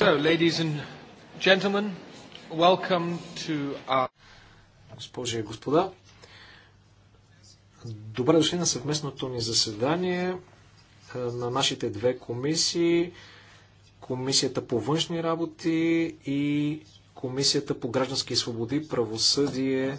So, ladies and gentlemen, welcome to our... Госпожи и господа, добре дошли на съвместното ни заседание е, на нашите две комисии. Комисията по външни работи и Комисията по граждански свободи, правосъдие, и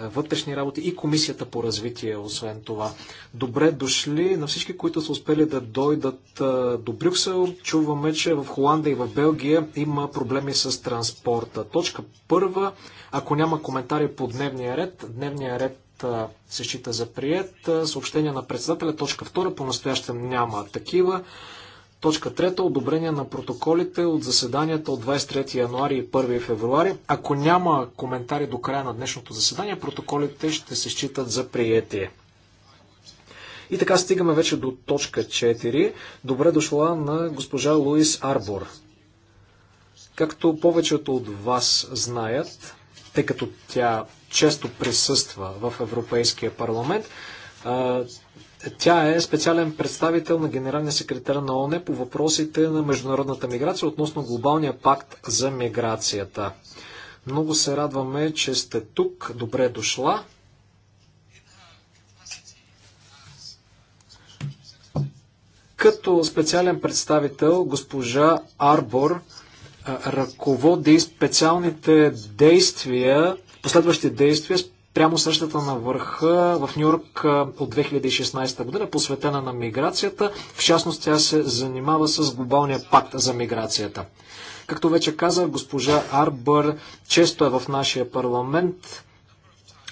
е, вътрешни работи и Комисията по развитие, освен това. Добре дошли на всички, които са успели да дойдат е, до Брюксел. Чуваме, че в Холандия и в Белгия има проблеми с транспорта. Точка първа, ако няма коментари по дневния ред, дневния ред е, се счита за прият. Съобщение на председателя, точка втора, по-настоящем няма такива. Точка трета Одобрение на протоколите от заседанията от 23 януари и 1 февруари. Ако няма коментари до края на днешното заседание, протоколите ще се считат за приятие. И така стигаме вече до точка 4. Добре дошла на госпожа Луис Арбор. Както повечето от вас знаят, тъй като тя често присъства в Европейския парламент, тя е специален представител на генералния секретар на ОНЕ по въпросите на международната миграция относно глобалния пакт за миграцията. Много се радваме, че сте тук. Добре дошла. Като специален представител госпожа Арбор ръководи специалните действия, последващи действия прямо срещата на върха в Нью-Йорк от 2016 година, посветена на миграцията. В частност тя се занимава с глобалния пакт за миграцията. Както вече казах, госпожа Арбър често е в нашия парламент.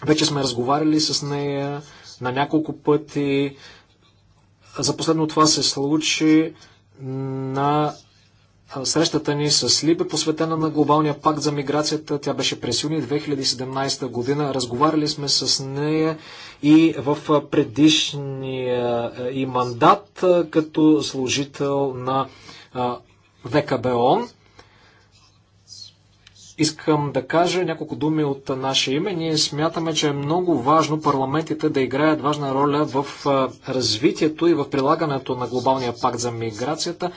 Вече сме разговаряли с нея на няколко пъти. За последно това се случи на срещата ни с Либе, посветена на глобалния пакт за миграцията. Тя беше през юни 2017 година. Разговаряли сме с нея и в предишния и мандат като служител на ВКБОН. Искам да кажа няколко думи от наше име. Ние смятаме, че е много важно парламентите да играят важна роля в развитието и в прилагането на глобалния пакт за миграцията.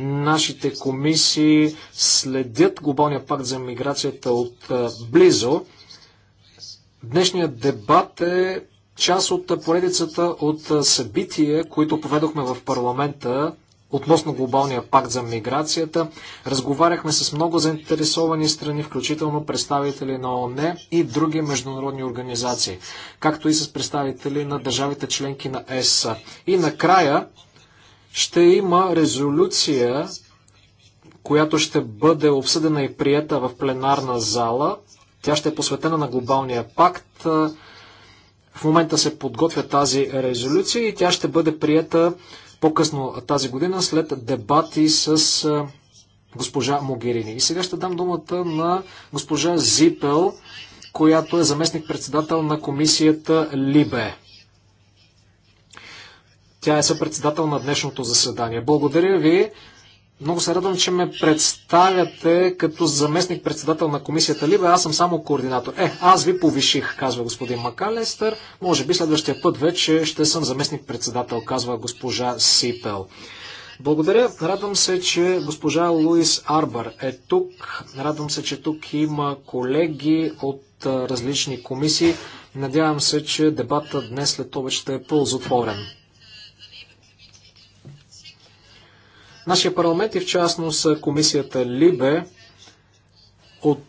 Нашите комисии следят глобалния пакт за миграцията от близо. Днешният дебат е част от поредицата от събития, които поведохме в парламента относно глобалния пакт за миграцията. Разговаряхме с много заинтересовани страни, включително представители на ООН и други международни организации, както и с представители на държавите членки на ЕС. И накрая ще има резолюция, която ще бъде обсъдена и приета в пленарна зала. Тя ще е посветена на глобалния пакт. В момента се подготвя тази резолюция и тя ще бъде приета по-късно тази година след дебати с госпожа Могерини. И сега ще дам думата на госпожа Зипел, която е заместник-председател на комисията Либе. Тя е съпредседател на днешното заседание. Благодаря ви. Много се радвам, че ме представяте като заместник председател на комисията Либе. Аз съм само координатор. Е, аз ви повиших, казва господин Макалестър. Може би следващия път вече ще съм заместник председател, казва госпожа Сипел. Благодаря. Радвам се, че госпожа Луис Арбър е тук. Радвам се, че тук има колеги от различни комисии. Надявам се, че дебата днес след това ще е ползотворен. Нашия парламент и в частност комисията Либе от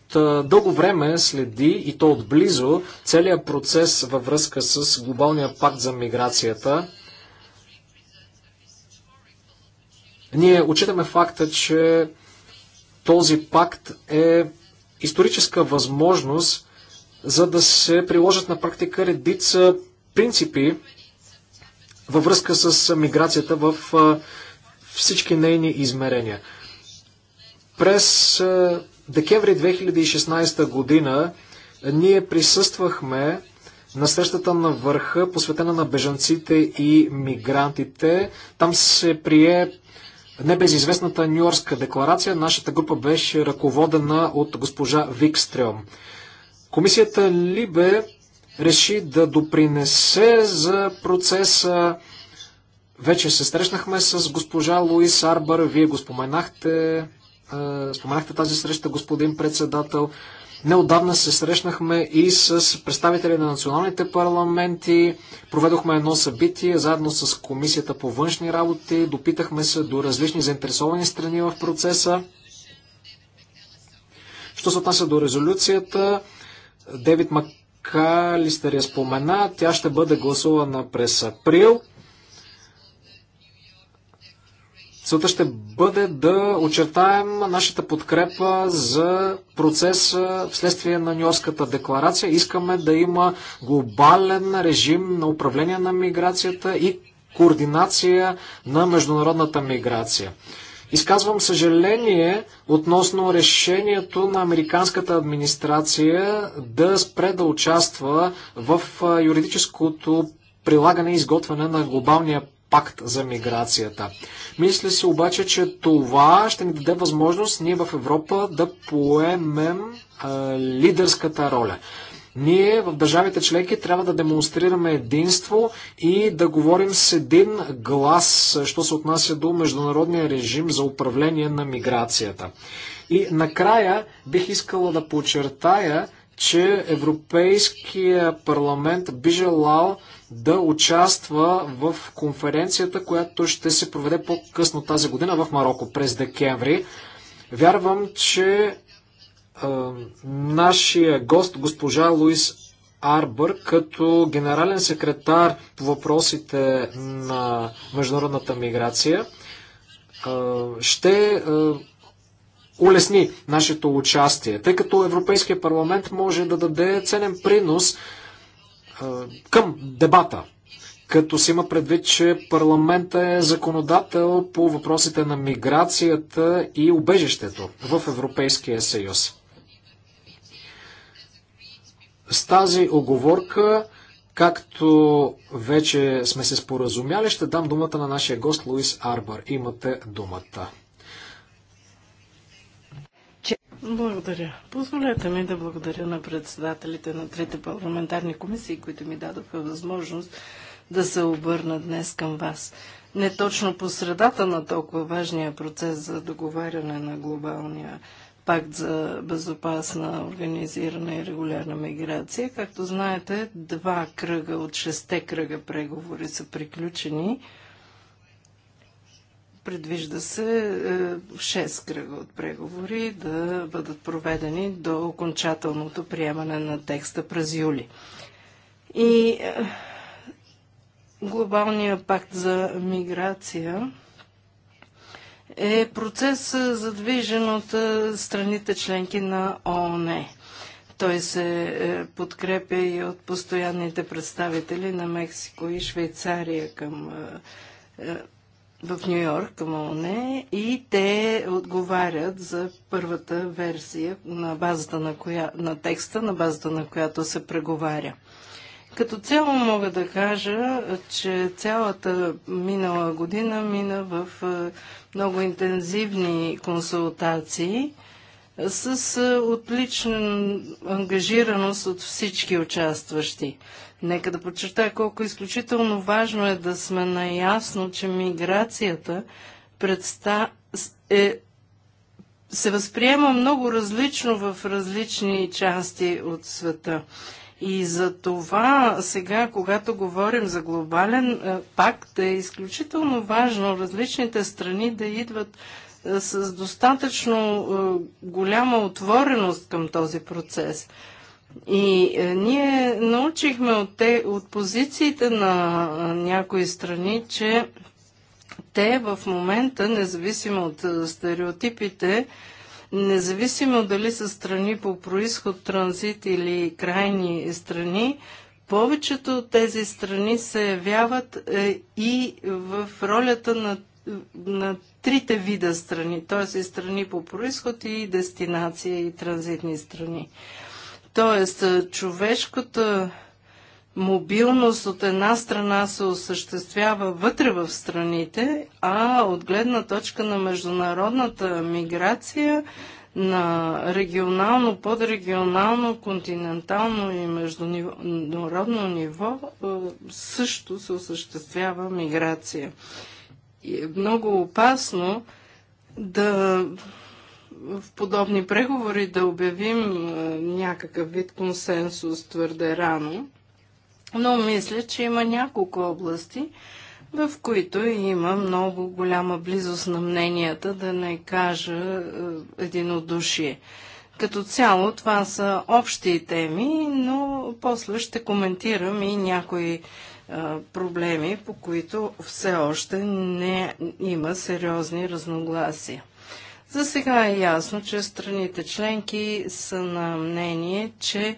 дълго време следи и то отблизо целият процес във връзка с глобалния пакт за миграцията. Ние отчитаме факта, че този пакт е историческа възможност за да се приложат на практика редица принципи във връзка с миграцията в всички нейни измерения. През декември 2016 година ние присъствахме на срещата на върха, посветена на бежанците и мигрантите. Там се прие небезизвестната Нью-Йоркска декларация. Нашата група беше ръководена от госпожа Викстрем. Комисията Либе реши да допринесе за процеса вече се срещнахме с госпожа Луис Арбър. Вие го споменахте. Споменахте тази среща, господин председател. Неодавна се срещнахме и с представители на националните парламенти. Проведохме едно събитие заедно с Комисията по външни работи. Допитахме се до различни заинтересовани страни в процеса. Що се отнася до резолюцията, Девид Макалистер я спомена. Тя ще бъде гласувана през април. Целта ще бъде да очертаем нашата подкрепа за процеса вследствие на Нью-Йоркската декларация. Искаме да има глобален режим на управление на миграцията и координация на международната миграция. Изказвам съжаление относно решението на американската администрация да спре да участва в юридическото прилагане и изготвяне на глобалния пакт за миграцията. Мисля се обаче, че това ще ни даде възможност ние в Европа да поемем а, лидерската роля. Ние в държавите членки трябва да демонстрираме единство и да говорим с един глас, що се отнася до международния режим за управление на миграцията. И накрая бих искала да подчертая, че Европейския парламент би желал да участва в конференцията, която ще се проведе по-късно тази година в Марокко през декември. Вярвам, че е, нашия гост, госпожа Луис Арбър, като генерален секретар по въпросите на международната миграция, ще улесни нашето участие, тъй като Европейския парламент може да даде ценен принос към дебата, като се има предвид, че парламента е законодател по въпросите на миграцията и убежището в Европейския съюз. С тази оговорка, както вече сме се споразумяли, ще дам думата на нашия гост Луис Арбър. Имате думата. Благодаря. Позволете ми да благодаря на председателите на трите парламентарни комисии, които ми дадоха възможност да се обърна днес към вас. Не точно по средата на толкова важния процес за договаряне на глобалния пакт за безопасна, организирана и регулярна миграция. Както знаете, два кръга от шесте кръга преговори са приключени. Предвижда се 6 е, кръга от преговори да бъдат проведени до окончателното приемане на текста през юли. И е, глобалния пакт за миграция е процес е, задвижен от страните членки на ООН. Той се подкрепя и от постоянните представители на Мексико и Швейцария към в Нью Йорк към и те отговарят за първата версия на базата на, коя, на текста, на базата на която се преговаря. Като цяло мога да кажа, че цялата минала година мина в е, много интензивни консултации – с отлична ангажираност от всички участващи. Нека да подчертая колко изключително важно е да сме наясно, че миграцията предста... е... се възприема много различно в различни части от света. И за това сега, когато говорим за глобален пакт, е изключително важно различните страни да идват с достатъчно е, голяма отвореност към този процес. И е, ние научихме от, те, от позициите на е, някои страни, че те в момента, независимо от стереотипите, независимо дали са страни по происход, транзит или крайни страни, повечето от тези страни се явяват и в ролята на на трите вида страни, т.е. и страни по происход и дестинация и транзитни страни. Тоест, човешката мобилност от една страна се осъществява вътре в страните, а от гледна точка на международната миграция на регионално, подрегионално, континентално и международно ниво също се осъществява миграция е много опасно да в подобни преговори да обявим някакъв вид консенсус твърде рано, но мисля, че има няколко области, в които има много голяма близост на мненията, да не кажа единодушие. Като цяло това са общи теми, но после ще коментирам и някои проблеми, по които все още не има сериозни разногласия. За сега е ясно, че страните членки са на мнение, че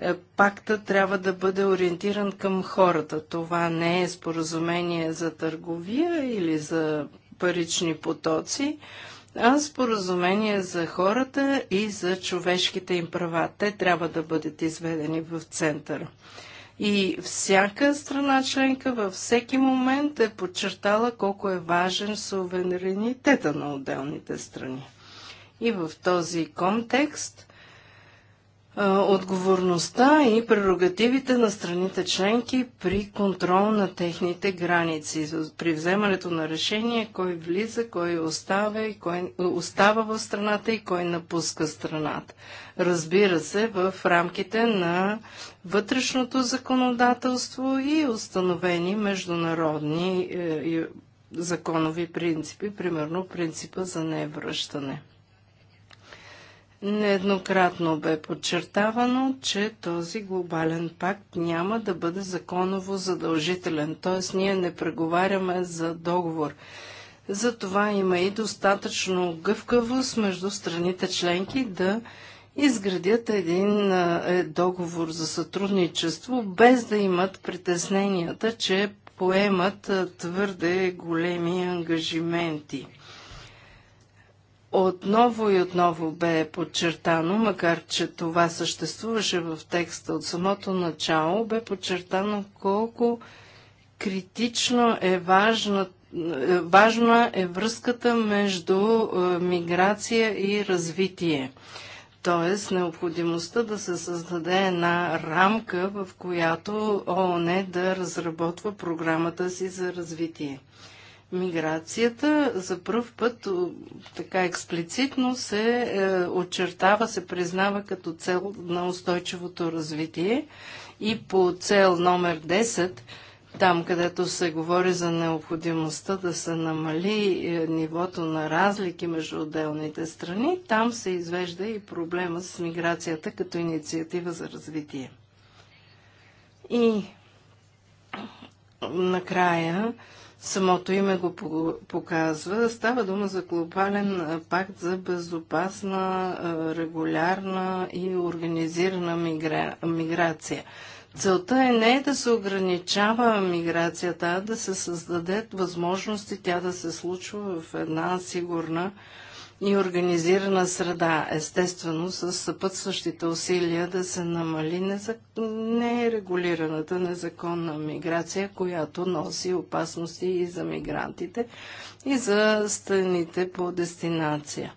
е, пакта трябва да бъде ориентиран към хората. Това не е споразумение за търговия или за парични потоци, а споразумение за хората и за човешките им права. Те трябва да бъдат изведени в центъра. И всяка страна членка във всеки момент е подчертала колко е важен суверенитета на отделните страни. И в този контекст отговорността и прерогативите на страните членки при контрол на техните граници, при вземането на решение кой влиза, кой остава и кой остава в страната и кой напуска страната. Разбира се, в рамките на вътрешното законодателство и установени международни е, законови принципи, примерно принципа за невръщане. Нееднократно бе подчертавано, че този глобален пакт няма да бъде законово задължителен, т.е. ние не преговаряме за договор. Затова има и достатъчно гъвкавост между страните членки да изградят един е, договор за сътрудничество, без да имат притесненията, че поемат твърде големи ангажименти. Отново и отново бе подчертано, макар че това съществуваше в текста от самото начало, бе подчертано колко критично е важна, е, важна е връзката между е, миграция и развитие. Тоест, необходимостта да се създаде една рамка, в която ООН е да разработва програмата си за развитие миграцията за първ път така експлицитно се е, очертава, се признава като цел на устойчивото развитие и по цел номер 10, там където се говори за необходимостта да се намали е, нивото на разлики между отделните страни, там се извежда и проблема с миграцията като инициатива за развитие. И накрая, Самото име го показва. Става дума за глобален пакт за безопасна, регулярна и организирана мигра... миграция. Целта е не да се ограничава миграцията, а да се създадат възможности тя да се случва в една сигурна и организирана среда, естествено с съпътстващите усилия да се намали незак... нерегулираната незаконна миграция, която носи опасности и за мигрантите, и за страните по дестинация.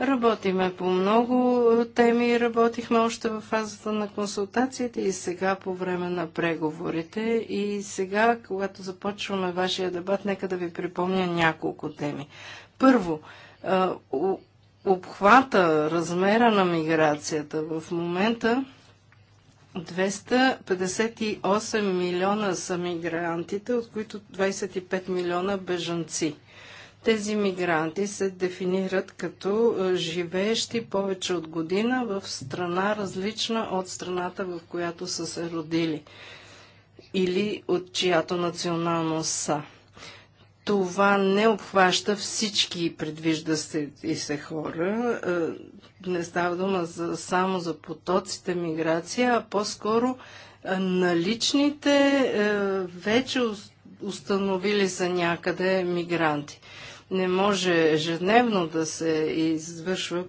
Работиме по много теми, работихме още в фазата на консултациите и сега по време на преговорите. И сега, когато започваме вашия дебат, нека да ви припомня няколко теми. Първо, обхвата, размера на миграцията в момента 258 милиона са мигрантите, от които 25 милиона бежанци. Тези мигранти се дефинират като живеещи повече от година в страна различна от страната, в която са се родили или от чиято националност са това не обхваща всички предвижда се и се хора. Е, не става дума за, само за потоците миграция, а по-скоро е, наличните е, вече установили са някъде мигранти. Не може ежедневно да се извършва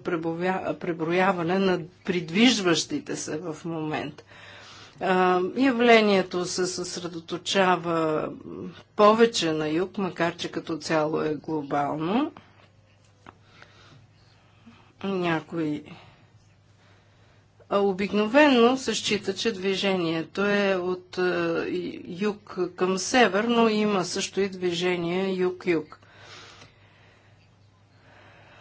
преброяване на придвижващите се в момента. Явлението се съсредоточава повече на юг, макар че като цяло е глобално. Някои Обикновено се счита, че движението е от юг към север, но има също и движение юг-юг.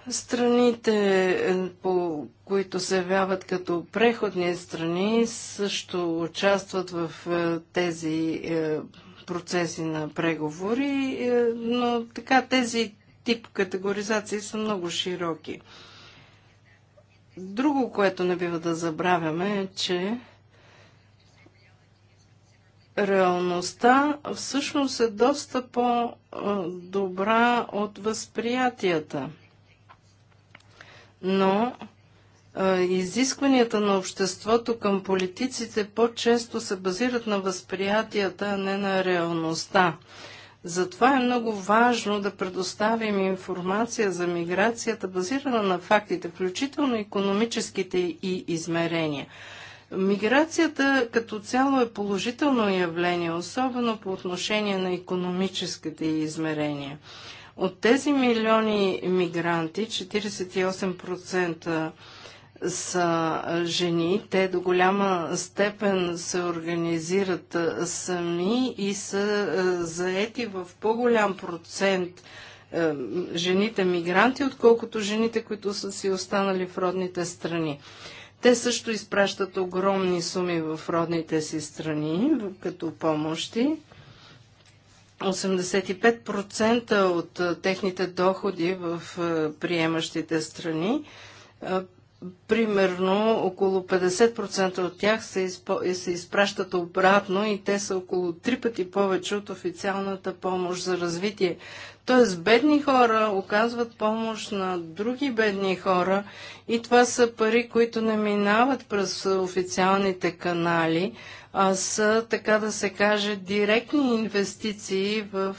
Страните, е, по които се явяват като преходни страни, също участват в е, тези е, процеси на преговори, но така тези тип категоризации са много широки. Друго, което не бива да забравяме е, че реалността всъщност е доста по-добра от възприятията – но а, изискванията на обществото към политиците по-често се базират на възприятията, а не на реалността. Затова е много важно да предоставим информация за миграцията, базирана на фактите, включително економическите и измерения. Миграцията като цяло е положително явление, особено по отношение на економическите измерения. От тези милиони мигранти, 48% са жени. Те до голяма степен се организират сами и са заети в по-голям процент жените мигранти, отколкото жените, които са си останали в родните страни. Те също изпращат огромни суми в родните си страни като помощи. 85% от техните доходи в приемащите страни примерно около 50% от тях се, изпо, се изпращат обратно и те са около три пъти повече от официалната помощ за развитие. Тоест бедни хора оказват помощ на други бедни хора и това са пари, които не минават през официалните канали, а са, така да се каже, директни инвестиции в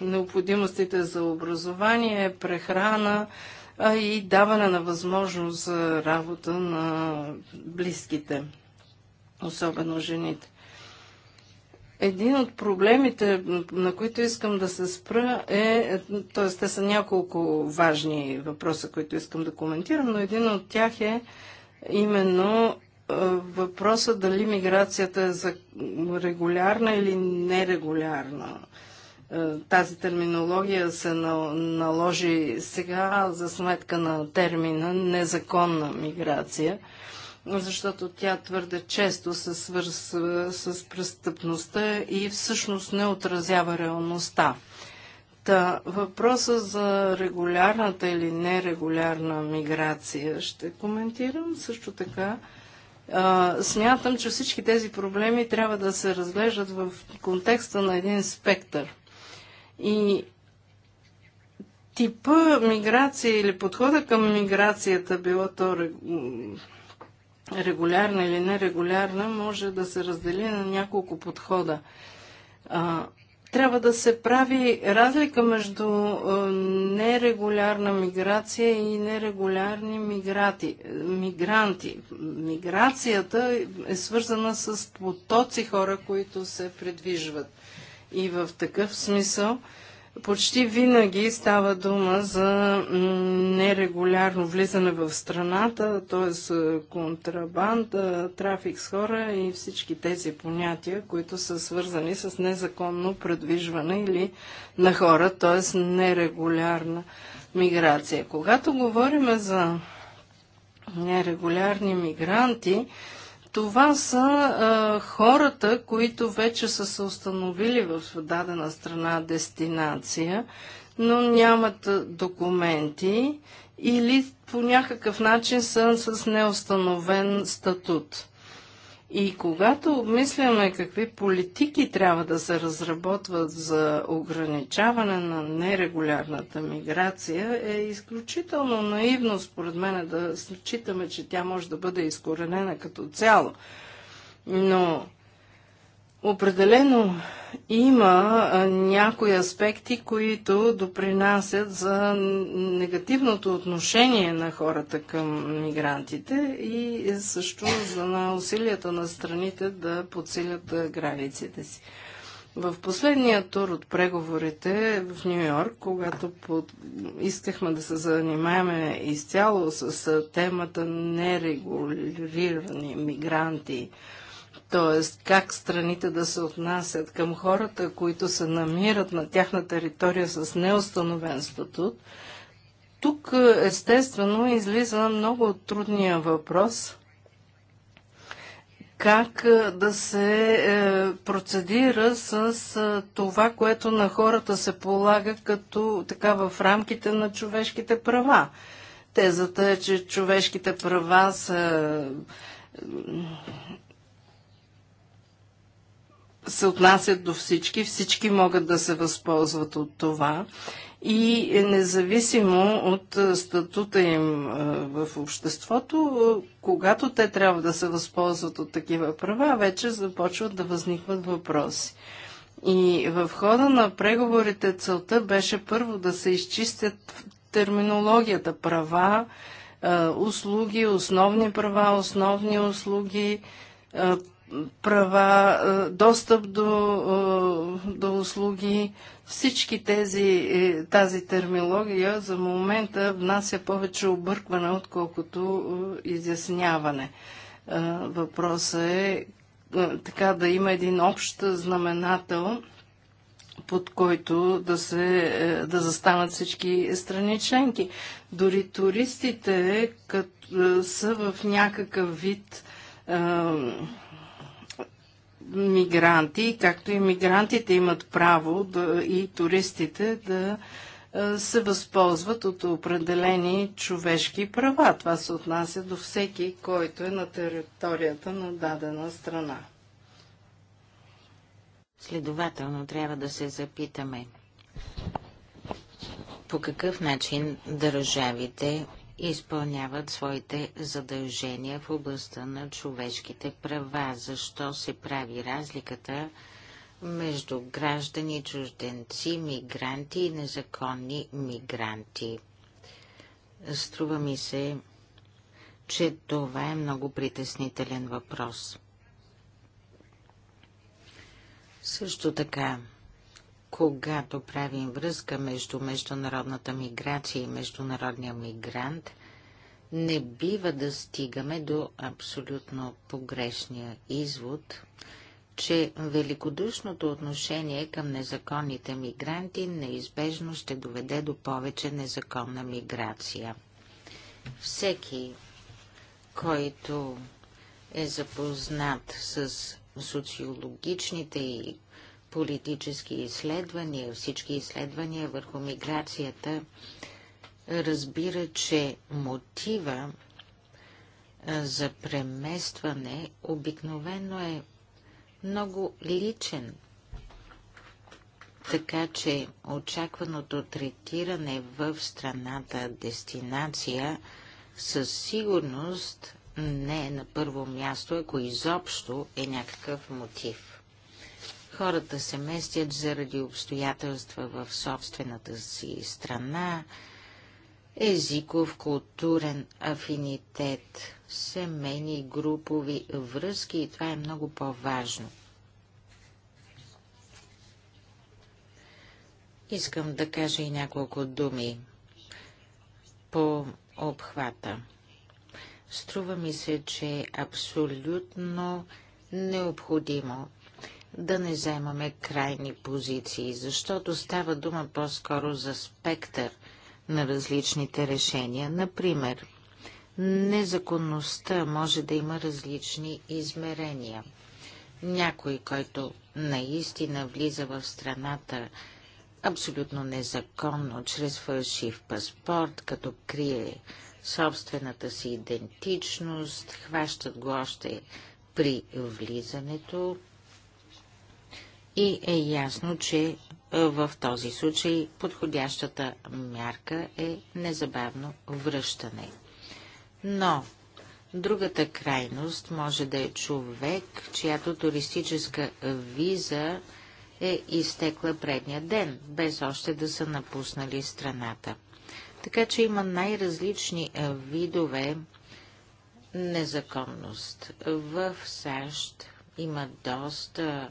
необходимостите за образование, прехрана, а и даване на възможност за работа на близките, особено жените. Един от проблемите, на които искам да се спра е, т.е. те са няколко важни въпроса, които искам да коментирам, но един от тях е именно въпроса дали миграцията е за регулярна или нерегулярна. Е, тази терминология се наложи сега за сметка на термина незаконна миграция, защото тя твърде често се свързва е, с престъпността и всъщност не отразява реалността. Та, въпроса за регулярната или нерегулярна миграция ще коментирам също така. А, е, смятам, че всички тези проблеми трябва да се разглеждат в контекста на един спектър – и типа миграция или подхода към миграцията, било то регулярна или нерегулярна, може да се раздели на няколко подхода. трябва да се прави разлика между нерегулярна миграция и нерегулярни миграти, мигранти. Миграцията е свързана с потоци хора, които се предвижват. И в такъв смисъл почти винаги става дума за нерегулярно влизане в страната, т.е. контрабанда, трафик с хора и всички тези понятия, които са свързани с незаконно предвижване или на хора, т.е. нерегулярна миграция. Когато говорим за нерегулярни мигранти, това са а, хората, които вече са се установили в дадена страна дестинация, но нямат документи или по някакъв начин са с неустановен статут. И когато обмисляме какви политики трябва да се разработват за ограничаване на нерегулярната миграция, е изключително наивно, според мен, да считаме, че тя може да бъде изкоренена като цяло. Но Определено има някои аспекти, които допринасят за негативното отношение на хората към мигрантите и също за на усилията на страните да подсилят границите си. В последния тур от преговорите в Нью Йорк, когато под... искахме да се занимаваме изцяло с темата нерегулирани мигранти, т.е. как страните да се отнасят към хората, които се намират на тяхна територия с неустановен статут. Тук, естествено, излиза много трудния въпрос – как е, да се е, процедира с е, това, което на хората се полага като така в рамките на човешките права. Тезата е, че човешките права са се отнасят до всички, всички могат да се възползват от това и независимо от статута им в обществото, когато те трябва да се възползват от такива права, вече започват да възникват въпроси. И в хода на преговорите целта беше първо да се изчистят терминологията права, услуги, основни права, основни услуги, права, е, достъп до, е, до услуги. Всички тези, е, тази терминология за момента внася повече объркване, отколкото изясняване. Въпросът е така да има един общ знаменател, под който да, се, да застанат всички страни членки. Дори туристите като, са в някакъв вид мигранти, както и мигрантите имат право да, и туристите да се възползват от определени човешки права. Това се отнася до всеки, който е на територията на дадена страна. Следователно трябва да се запитаме по какъв начин държавите изпълняват своите задължения в областта на човешките права. Защо се прави разликата между граждани, чужденци, мигранти и незаконни мигранти? Струва ми се, че това е много притеснителен въпрос. Също така, когато правим връзка между международната миграция и международния мигрант, не бива да стигаме до абсолютно погрешния извод, че великодушното отношение към незаконните мигранти неизбежно ще доведе до повече незаконна миграция. Всеки, който е запознат с социологичните и политически изследвания, всички изследвания върху миграцията, разбира, че мотива за преместване обикновено е много личен. Така че очакваното третиране в страната дестинация със сигурност не е на първо място, ако изобщо е някакъв мотив. Хората се местят заради обстоятелства в собствената си страна, езиков, културен афинитет, семейни групови връзки и това е много по-важно. Искам да кажа и няколко думи по обхвата. Струва ми се, че е абсолютно необходимо да не вземаме крайни позиции, защото става дума по-скоро за спектър на различните решения. Например, незаконността може да има различни измерения. Някой, който наистина влиза в страната абсолютно незаконно, чрез фалшив паспорт, като крие собствената си идентичност, хващат го още при влизането, и е ясно, че е, в този случай подходящата мярка е незабавно връщане. Но другата крайност може да е човек, чиято туристическа виза е изтекла предния ден, без още да са напуснали страната. Така че има най-различни е, видове незаконност. В САЩ има доста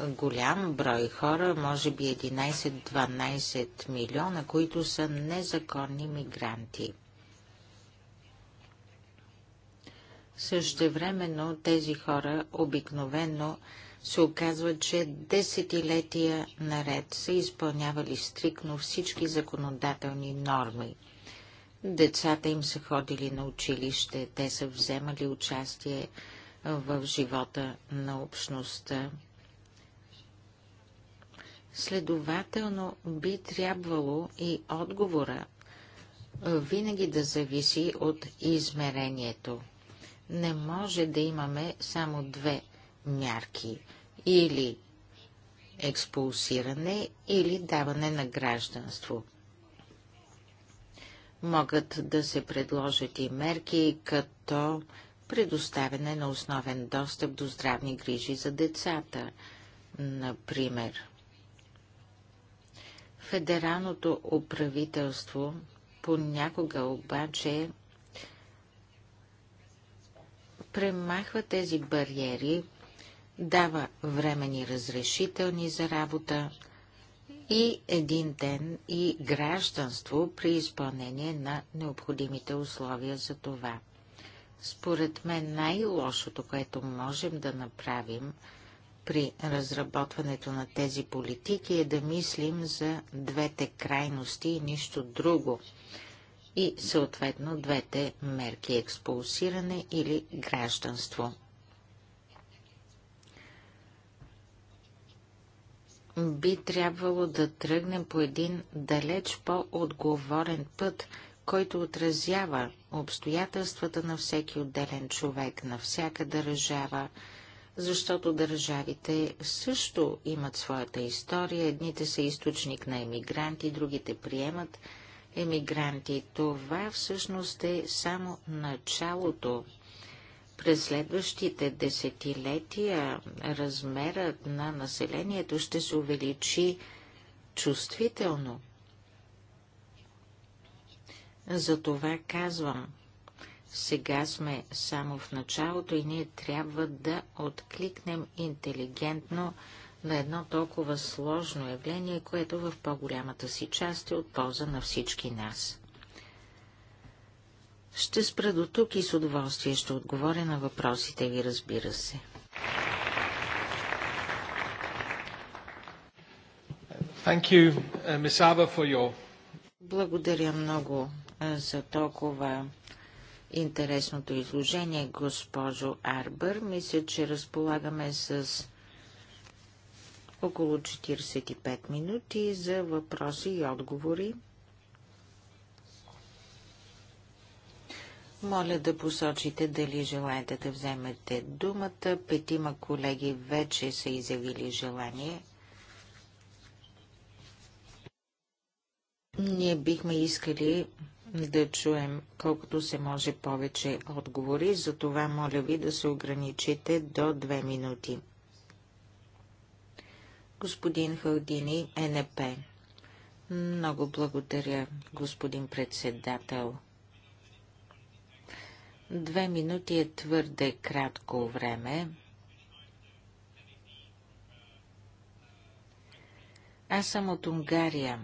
голям брой хора, може би 11-12 милиона, които са незаконни мигранти. Същевременно тези хора обикновено се оказва, че десетилетия наред са изпълнявали стрикно всички законодателни норми. Децата им са ходили на училище, те са вземали участие в живота на общността. Следователно би трябвало и отговора винаги да зависи от измерението. Не може да имаме само две мярки или експулсиране или даване на гражданство. Могат да се предложат и мерки като предоставяне на основен достъп до здравни грижи за децата, например. Федералното управителство понякога обаче премахва тези бариери, дава времени разрешителни за работа и един ден и гражданство при изпълнение на необходимите условия за това. Според мен най-лошото, което можем да направим, при разработването на тези политики е да мислим за двете крайности и нищо друго. И съответно двете мерки експулсиране или гражданство. Би трябвало да тръгнем по един далеч по-отговорен път, който отразява обстоятелствата на всеки отделен човек, на всяка държава, защото държавите също имат своята история. Едните са източник на емигранти, другите приемат емигранти. Това всъщност е само началото. През следващите десетилетия размерът на населението ще се увеличи чувствително. Затова казвам – сега сме само в началото и ние трябва да откликнем интелигентно на едно толкова сложно явление, което в по-голямата си част е от полза на всички нас. Ще спра до тук и с удоволствие ще отговоря на въпросите ви, разбира се. You, uh, Abba, your... Благодаря много за толкова интересното изложение, госпожо Арбър. Мисля, че разполагаме с около 45 минути за въпроси и отговори. Моля да посочите дали желаете да вземете думата. Петима колеги вече са изявили желание. Ние бихме искали да чуем колкото се може повече отговори, за това моля ви да се ограничите до две минути. Господин Халдини, НП. Много благодаря, господин председател. Две минути е твърде кратко време. Аз съм от Унгария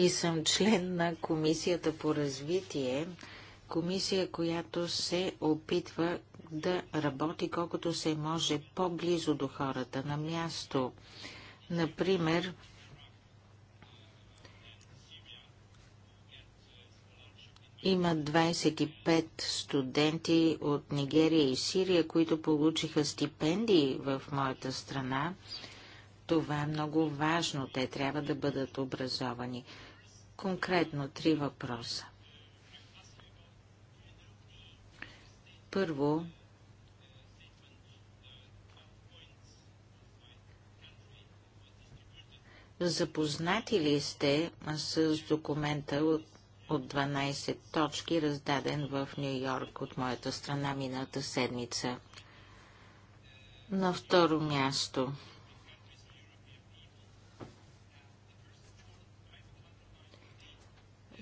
и съм член на Комисията по развитие, комисия, която се опитва да работи колкото се може по-близо до хората, на място. Например, Има 25 студенти от Нигерия и Сирия, които получиха стипендии в моята страна. Това е много важно. Те трябва да бъдат образовани. Конкретно три въпроса. Първо, запознати ли сте с документа от, 12 точки, раздаден в Нью Йорк от моята страна миналата седмица? На второ място –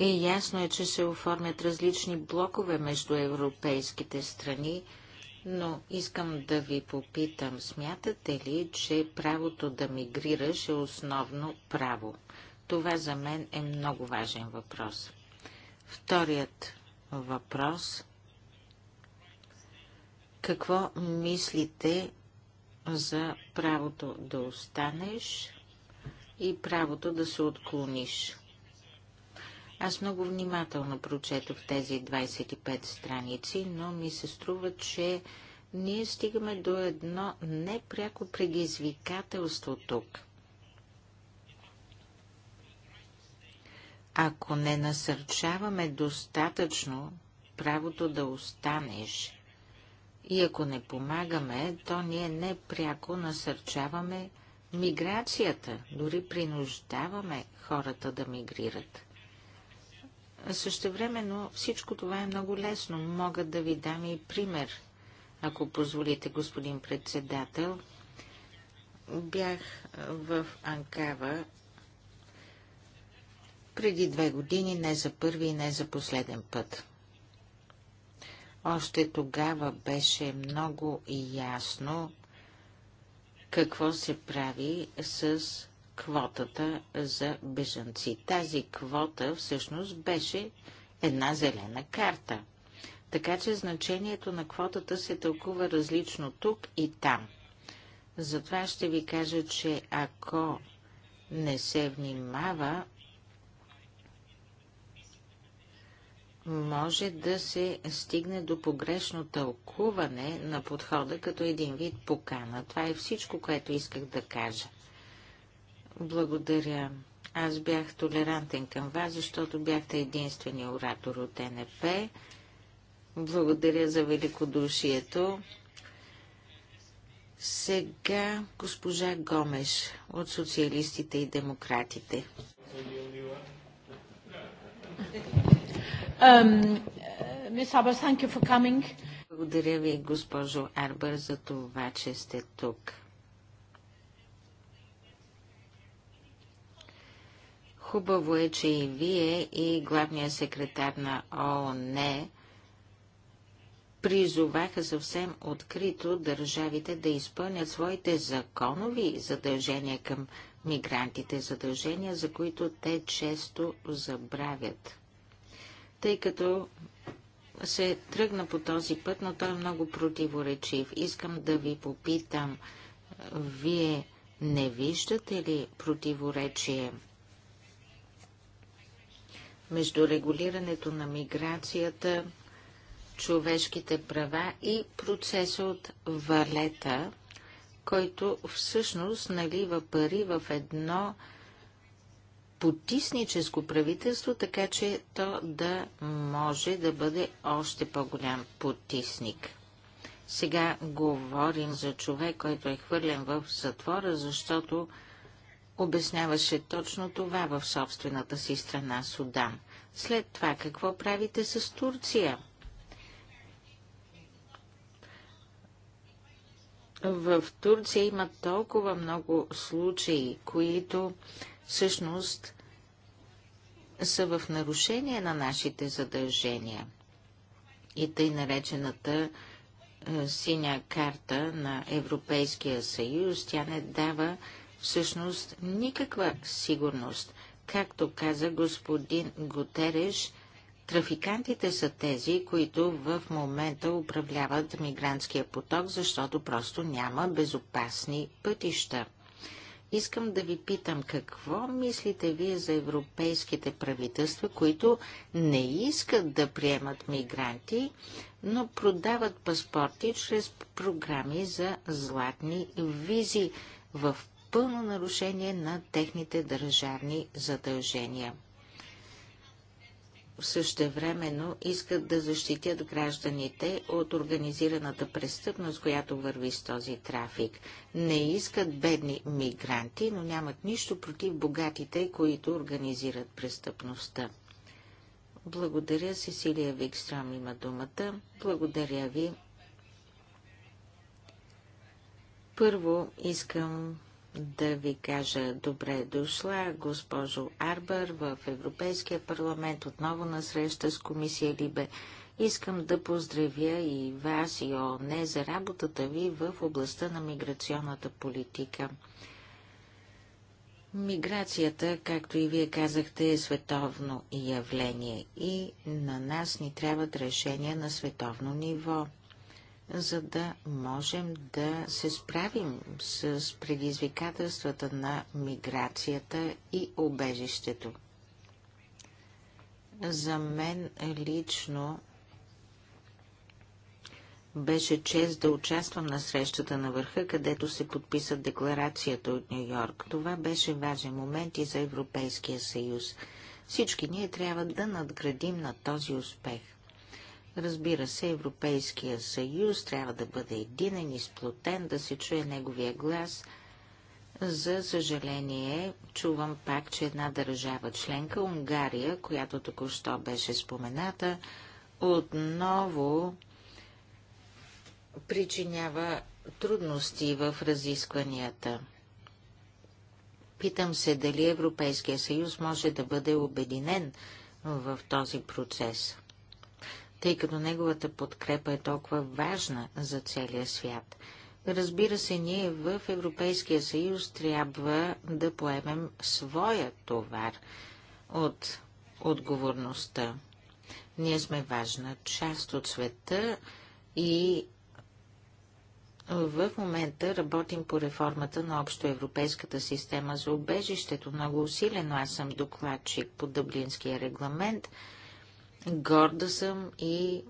И е, ясно е, че се оформят различни блокове между европейските страни, но искам да ви попитам, смятате ли, че правото да мигрираш е основно право? Това за мен е много важен въпрос. Вторият въпрос. Какво мислите за правото да останеш и правото да се отклониш? Аз много внимателно прочетох тези 25 страници, но ми се струва, че ние стигаме до едно непряко предизвикателство тук. Ако не насърчаваме достатъчно правото да останеш и ако не помагаме, то ние непряко насърчаваме миграцията, дори принуждаваме хората да мигрират но всичко това е много лесно. Мога да ви дам и пример, ако позволите, господин председател. Бях в Анкава преди две години, не за първи и не за последен път. Още тогава беше много ясно какво се прави с квотата за бежанци. Тази квота всъщност беше една зелена карта. Така че значението на квотата се тълкува различно тук и там. Затова ще ви кажа, че ако не се внимава, може да се стигне до погрешно тълкуване на подхода като един вид покана. Това е всичко, което исках да кажа. Благодаря. Аз бях толерантен към вас, защото бяхте единствения оратор от НФ. Благодаря за великодушието. Сега госпожа Гомеш от социалистите и демократите. Um, Благодаря ви, госпожо Арбър, за това, че сте тук. Хубаво е, че и вие, и главният секретар на ООН призоваха съвсем открито държавите да изпълнят своите законови задължения към мигрантите, задължения, за които те често забравят. Тъй като се тръгна по този път, но той е много противоречив. Искам да ви попитам, вие не виждате ли противоречие между регулирането на миграцията, човешките права и процеса от валета, който всъщност налива пари в едно потисническо правителство, така че то да може да бъде още по-голям потисник. Сега говорим за човек, който е хвърлен в затвора, защото обясняваше точно това в собствената си страна Судан. След това какво правите с Турция? В Турция има толкова много случаи, които всъщност са в нарушение на нашите задължения. И тъй наречената е, синя карта на Европейския съюз, тя не дава всъщност никаква сигурност. Както каза господин Гутереш, трафикантите са тези, които в момента управляват мигрантския поток, защото просто няма безопасни пътища. Искам да ви питам, какво мислите вие за европейските правителства, които не искат да приемат мигранти, но продават паспорти чрез програми за златни визи в пълно нарушение на техните държавни задължения. Същевременно искат да защитят гражданите от организираната престъпност, която върви с този трафик. Не искат бедни мигранти, но нямат нищо против богатите, които организират престъпността. Благодаря, Сесилия Викстрам има думата. Благодаря ви. Първо искам да ви кажа добре дошла, госпожо Арбър, в Европейския парламент, отново на среща с комисия Либе. Искам да поздравя и вас и ООН за работата ви в областта на миграционната политика. Миграцията, както и вие казахте, е световно явление и на нас ни трябват решения на световно ниво за да можем да се справим с предизвикателствата на миграцията и обежището. За мен лично беше чест да участвам на срещата на върха, където се подписа декларацията от Нью Йорк. Това беше важен момент и за Европейския съюз. Всички ние трябва да надградим на този успех – Разбира се, Европейския съюз трябва да бъде единен, изплотен, да се чуе неговия глас. За съжаление, чувам пак, че една държава членка, Унгария, която току-що беше спомената, отново причинява трудности в разискванията. Питам се дали Европейския съюз може да бъде обединен в този процес тъй като неговата подкрепа е толкова важна за целия свят. Разбира се, ние в Европейския съюз трябва да поемем своя товар от отговорността. Ние сме важна част от света и в момента работим по реформата на общоевропейската система за убежището. Много усилено аз съм докладчик по Дъблинския регламент – Горда съм и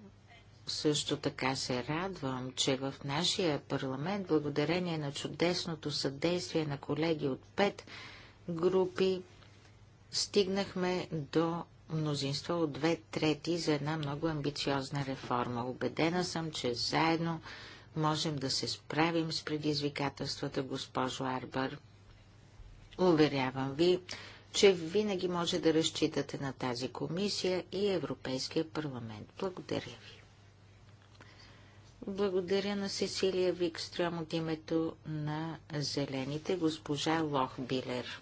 също така се радвам, че в нашия парламент, благодарение на чудесното съдействие на колеги от пет групи, стигнахме до мнозинство от две трети за една много амбициозна реформа. Обедена съм, че заедно можем да се справим с предизвикателствата, госпожо Арбър. Уверявам ви, че винаги може да разчитате на тази комисия и Европейския парламент. Благодаря ви. Благодаря на Сесилия Викстрем от името на Зелените, госпожа Лох Билер.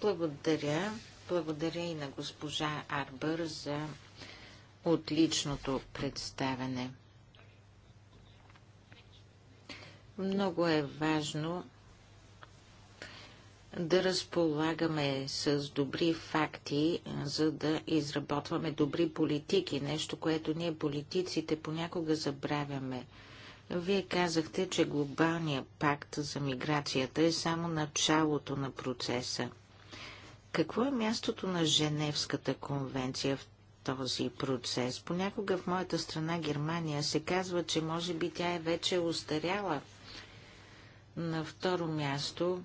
Благодаря. Благодаря и на госпожа Арбър за отличното представене. Много е важно да разполагаме с добри факти, за да изработваме добри политики, нещо, което ние политиците понякога забравяме. Вие казахте, че глобалният пакт за миграцията е само началото на процеса. Какво е мястото на Женевската конвенция в този процес? Понякога в моята страна Германия се казва, че може би тя е вече устаряла. На второ място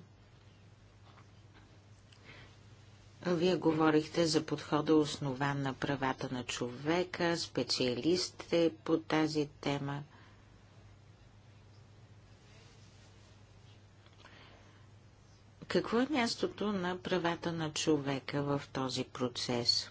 Вие говорихте за подхода основан на правата на човека, специалистите по тази тема. Какво е мястото на правата на човека в този процес?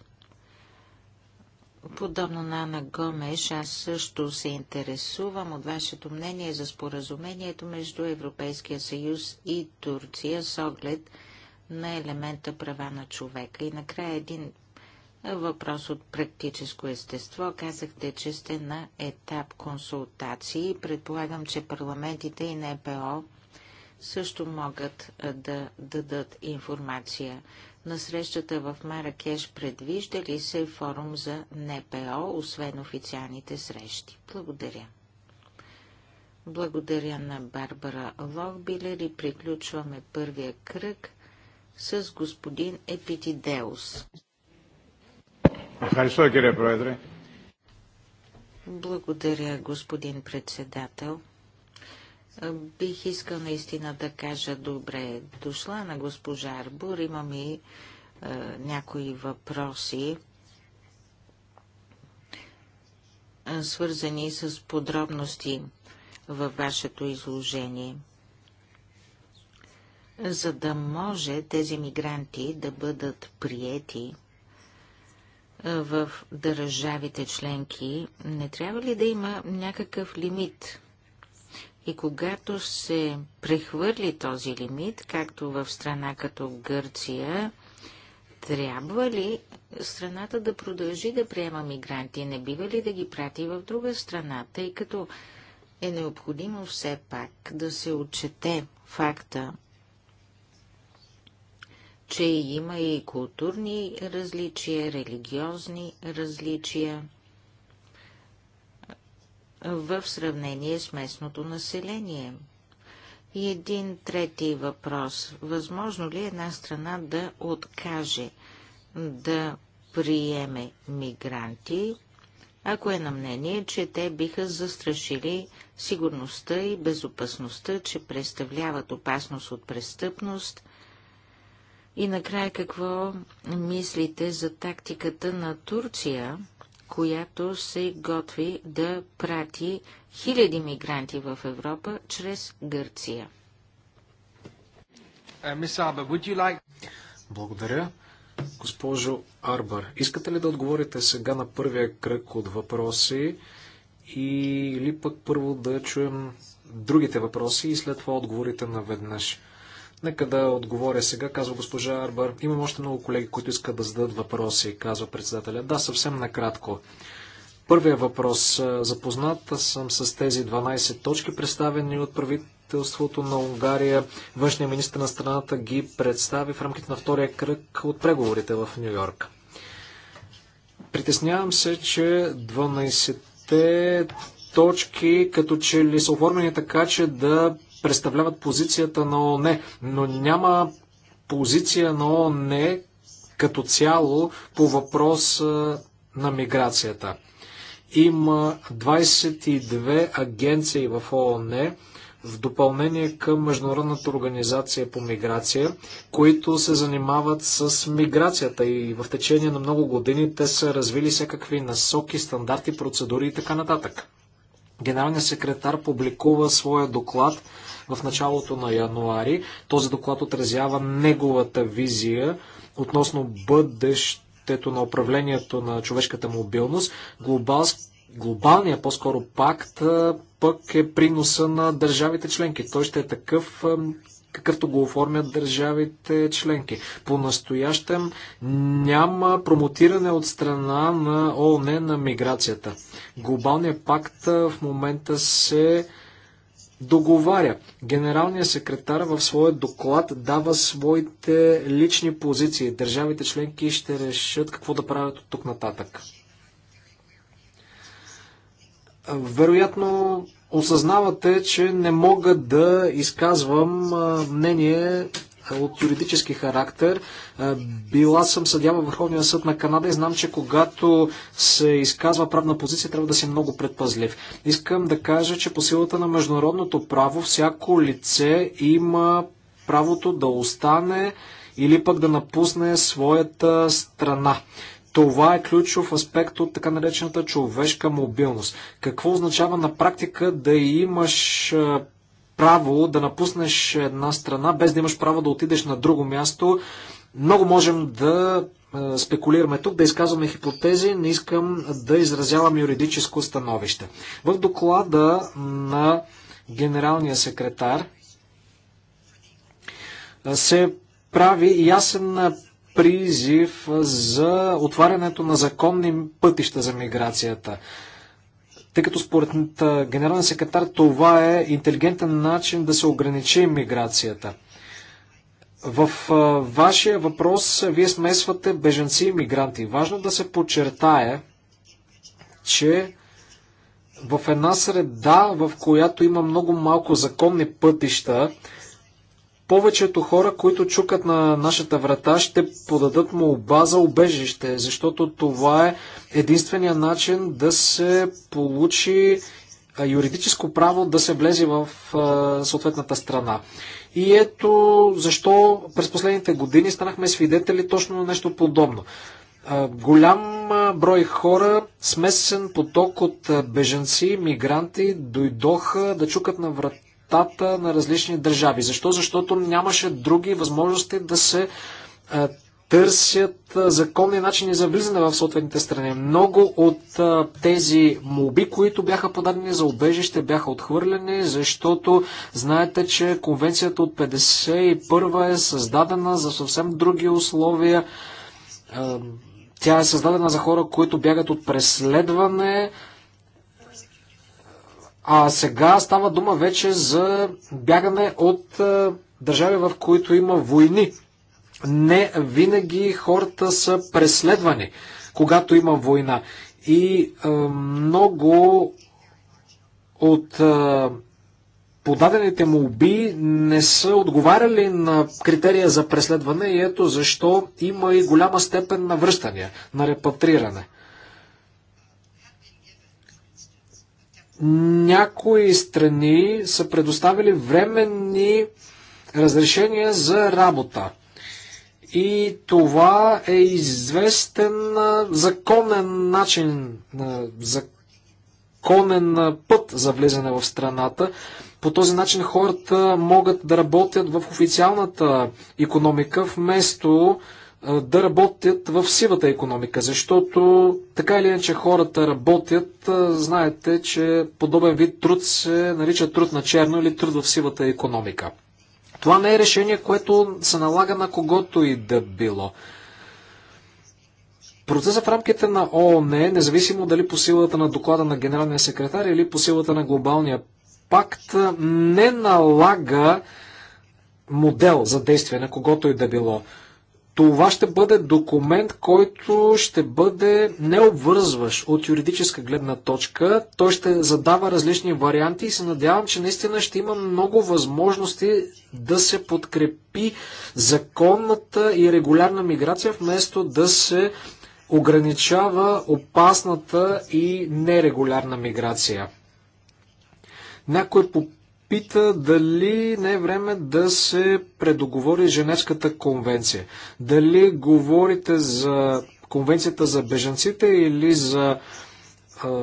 Подобно на Ана Гомеш, аз също се интересувам от вашето мнение за споразумението между Европейския съюз и Турция с оглед на елемента права на човека. И накрая един въпрос от практическо естество. Казахте, че сте на етап консултации. Предполагам, че парламентите и НПО също могат да дадат информация. На срещата в Маракеш предвижда ли се форум за НПО, освен официалните срещи? Благодаря. Благодаря на Барбара Лохбилер и приключваме първия кръг с господин Епитидеус. Ευχαριστώ, κύριε Πρόεδρε. Благодаря, господин председател. Бих искал наистина да кажа добре дошла на госпожа Арбур. Имам и е, някои въпроси, свързани с подробности във вашето изложение за да може тези мигранти да бъдат приети в държавите членки, не трябва ли да има някакъв лимит? И когато се прехвърли този лимит, както в страна като Гърция, трябва ли страната да продължи да приема мигранти? Не бива ли да ги прати в друга страна, тъй като е необходимо все пак да се отчете факта, че има и културни различия, религиозни различия в сравнение с местното население. И един трети въпрос. Възможно ли една страна да откаже да приеме мигранти, ако е на мнение, че те биха застрашили сигурността и безопасността, че представляват опасност от престъпност – и накрая какво мислите за тактиката на Турция, която се готви да прати хиляди мигранти в Европа чрез Гърция? Е, Благодаря. Госпожо Арбър, искате ли да отговорите сега на първия кръг от въпроси или пък първо да чуем другите въпроси и след това отговорите наведнъж? Нека да отговоря сега, казва госпожа Арбър. Имам още много колеги, които искат да зададат въпроси, казва председателя. Да, съвсем накратко. Първия въпрос. Запозната съм с тези 12 точки, представени от правителството на Унгария. Външният министр на страната ги представи в рамките на втория кръг от преговорите в Нью Йорк. Притеснявам се, че 12-те точки като че ли са оформени така, че да представляват позицията на ООН, но няма позиция на ООН като цяло по въпрос на миграцията. Има 22 агенции в ООН, в допълнение към Международната организация по миграция, които се занимават с миграцията и в течение на много години те са развили всякакви насоки, стандарти, процедури и така нататък. Генералният секретар публикува своя доклад в началото на януари. Този доклад отразява неговата визия относно бъдещето на управлението на човешката мобилност. Глобал, глобалният по-скоро пакт пък е приноса на държавите членки. Той ще е такъв, какъвто го оформят държавите членки. По-настоящем няма промотиране от страна на ООН на миграцията. Глобалният пакт в момента се договаря. Генералният секретар в своя доклад дава своите лични позиции. Държавите членки ще решат какво да правят от тук нататък. Вероятно осъзнавате, че не мога да изказвам мнение от юридически характер. Била съм съдя във Върховния съд на Канада и знам, че когато се изказва правна позиция, трябва да си е много предпазлив. Искам да кажа, че по силата на международното право всяко лице има правото да остане или пък да напусне своята страна. Това е ключов аспект от така наречената човешка мобилност. Какво означава на практика да имаш право да напуснеш една страна, без да имаш право да отидеш на друго място? Много можем да спекулираме тук, да изказваме хипотези, не искам да изразявам юридическо становище. В доклада на генералния секретар се прави ясен призив за отварянето на законни пътища за миграцията. Тъй като според генерален секретар това е интелигентен начин да се ограничи миграцията. В а, вашия въпрос вие смесвате беженци и мигранти. Важно да се подчертае, че в една среда, в която има много малко законни пътища, повечето хора, които чукат на нашата врата, ще подадат му оба за убежище, защото това е единствения начин да се получи юридическо право да се влезе в съответната страна. И ето защо през последните години станахме свидетели точно на нещо подобно. Голям брой хора, смесен поток от беженци, мигранти дойдоха да чукат на врата местата на различни държави. Защо? Защото нямаше други възможности да се а, търсят а, законни начини за влизане в съответните страни. Много от а, тези молби, които бяха подадени за обежище, бяха отхвърлени, защото знаете, че конвенцията от 51 е създадена за съвсем други условия. Тя е създадена за хора, които бягат от преследване, а сега става дума вече за бягане от е, държави, в които има войни. Не винаги хората са преследвани, когато има война. И е, много от е, подадените му уби не са отговаряли на критерия за преследване и ето защо има и голяма степен на връщане, на репатриране. Някои страни са предоставили временни разрешения за работа. И това е известен законен начин, законен път за влизане в страната. По този начин хората могат да работят в официалната економика, вместо да работят в сивата економика, защото така или иначе хората работят, знаете, че подобен вид труд се нарича труд на черно или труд в сивата економика. Това не е решение, което се налага на когото и да било. Процесът в рамките на ООН, независимо дали по силата на доклада на генералния секретар или по силата на глобалния пакт, не налага модел за действие на когото и да било това ще бъде документ, който ще бъде необвързващ от юридическа гледна точка. Той ще задава различни варианти и се надявам, че наистина ще има много възможности да се подкрепи законната и регулярна миграция, вместо да се ограничава опасната и нерегулярна миграция. Някой пита дали не е време да се предоговори Женевската конвенция. Дали говорите за конвенцията за бежанците или за а,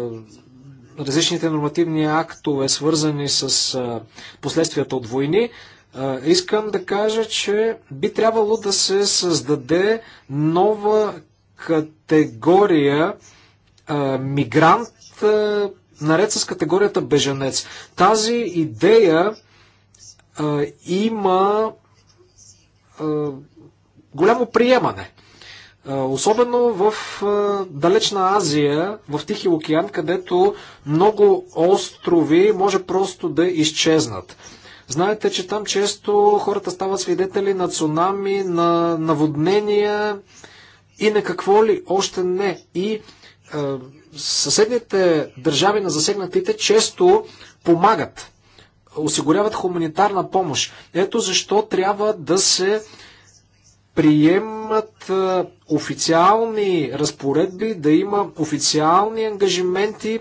различните нормативни актове, свързани с а, последствията от войни, а, искам да кажа, че би трябвало да се създаде нова категория а, мигрант, а, наред с категорията беженец. Тази идея а, има а, голямо приемане. Особено в далечна Азия, в Тихи океан, където много острови може просто да изчезнат. Знаете, че там често хората стават свидетели на цунами, на наводнения и на какво ли още не. И съседните държави на засегнатите често помагат, осигуряват хуманитарна помощ. Ето защо трябва да се приемат е, официални разпоредби, да има официални ангажименти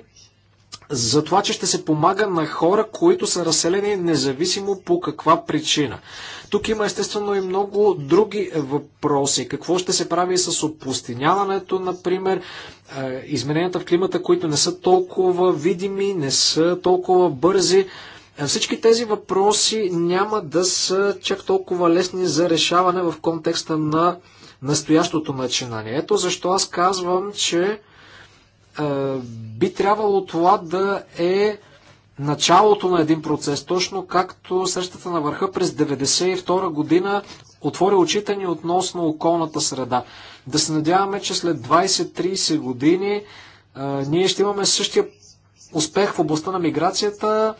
за това, че ще се помага на хора, които са разселени независимо по каква причина. Тук има естествено и много други въпроси. Какво ще се прави с опустиняването, например, е, измененията в климата, които не са толкова видими, не са толкова бързи. Е, всички тези въпроси няма да са чак толкова лесни за решаване в контекста на настоящото начинание. Ето защо аз казвам, че е, би трябвало това да е началото на един процес, точно както срещата на върха през 1992 година отвори очите ни относно околната среда. Да се надяваме, че след 20-30 години а, е, ние ще имаме същия успех в областта на миграцията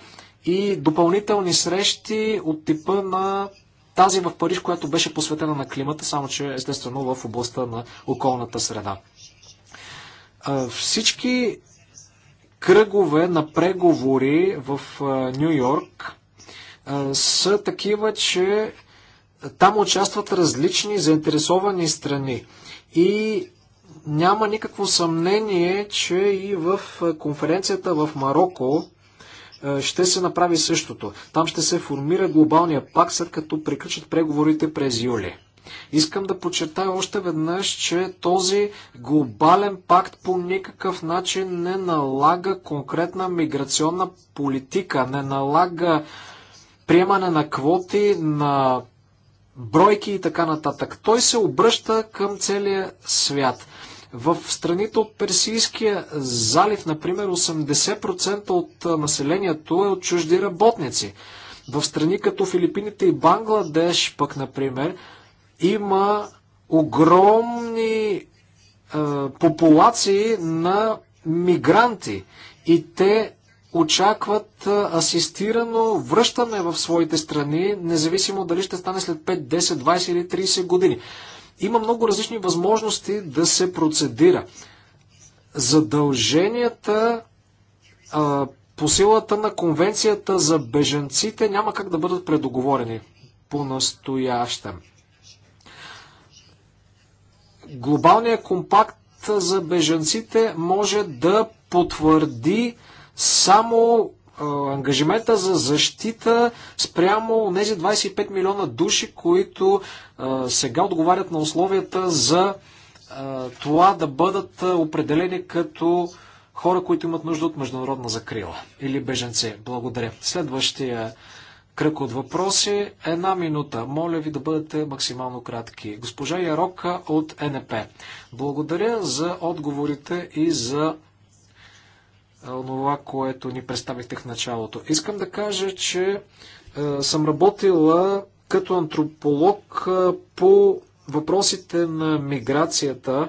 и допълнителни срещи от типа на тази в Париж, която беше посветена на климата, само че естествено в областта на околната среда. Всички кръгове на преговори в Нью Йорк са такива, че там участват различни заинтересовани страни. И няма никакво съмнение, че и в конференцията в Марокко ще се направи същото. Там ще се формира глобалния пакт, след като приключат преговорите през юли. Искам да подчертая още веднъж, че този глобален пакт по никакъв начин не налага конкретна миграционна политика, не налага приемане на квоти, на бройки и така нататък. Той се обръща към целия свят. В страните от Персийския залив, например, 80% от населението е от чужди работници. В страни като Филипините и Бангладеш, пък, например, има огромни а, е, популации на мигранти и те очакват е, асистирано връщане в своите страни, независимо дали ще стане след 5, 10, 20 или 30 години. Има много различни възможности да се процедира. Задълженията а, е, по силата на конвенцията за беженците няма как да бъдат предоговорени по настоящем. Глобалния компакт за бежанците може да потвърди само ангажимента за защита спрямо тези 25 милиона души, които сега отговарят на условията за това да бъдат определени като хора, които имат нужда от международна закрила или беженци. Благодаря. Следващия кръг от въпроси. Една минута. Моля ви да бъдете максимално кратки. Госпожа Ярока от НП. Благодаря за отговорите и за това, което ни представихте в началото. Искам да кажа, че е, съм работила като антрополог е, по въпросите на миграцията.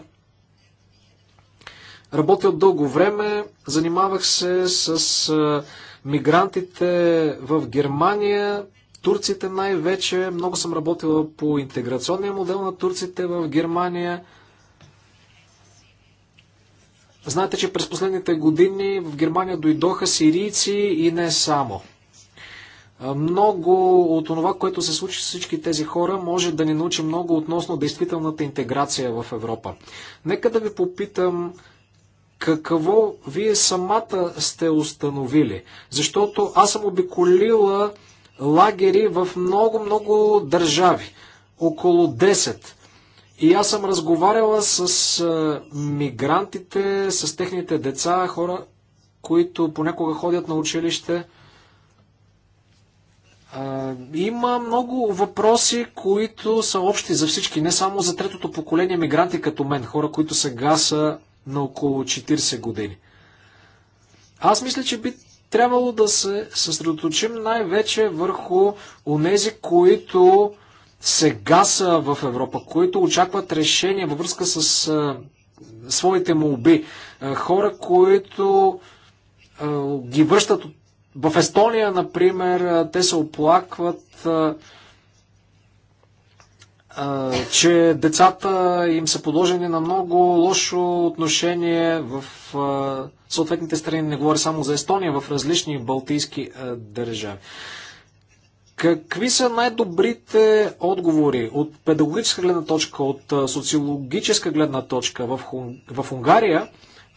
Работил дълго време, занимавах се с е, Мигрантите в Германия, турците най-вече, много съм работила по интеграционния модел на турците в Германия. Знаете, че през последните години в Германия дойдоха сирийци и не само. Много от това, което се случи с всички тези хора, може да ни научи много относно действителната интеграция в Европа. Нека да ви попитам какво вие самата сте установили. Защото аз съм обиколила лагери в много-много държави. Около 10. И аз съм разговаряла с а, мигрантите, с техните деца, хора, които понякога ходят на училище. А, има много въпроси, които са общи за всички, не само за третото поколение мигранти като мен, хора, които сега са на около 40 години. Аз мисля, че би трябвало да се съсредоточим най-вече върху онези, които сега са в Европа, които очакват решение във връзка с а, своите молби. А, хора, които а, ги връщат в Естония, например, те се оплакват че децата им са подложени на много лошо отношение в съответните страни, не говоря само за Естония, в различни балтийски държави. Какви са най-добрите отговори от педагогическа гледна точка, от социологическа гледна точка в, в Унгария?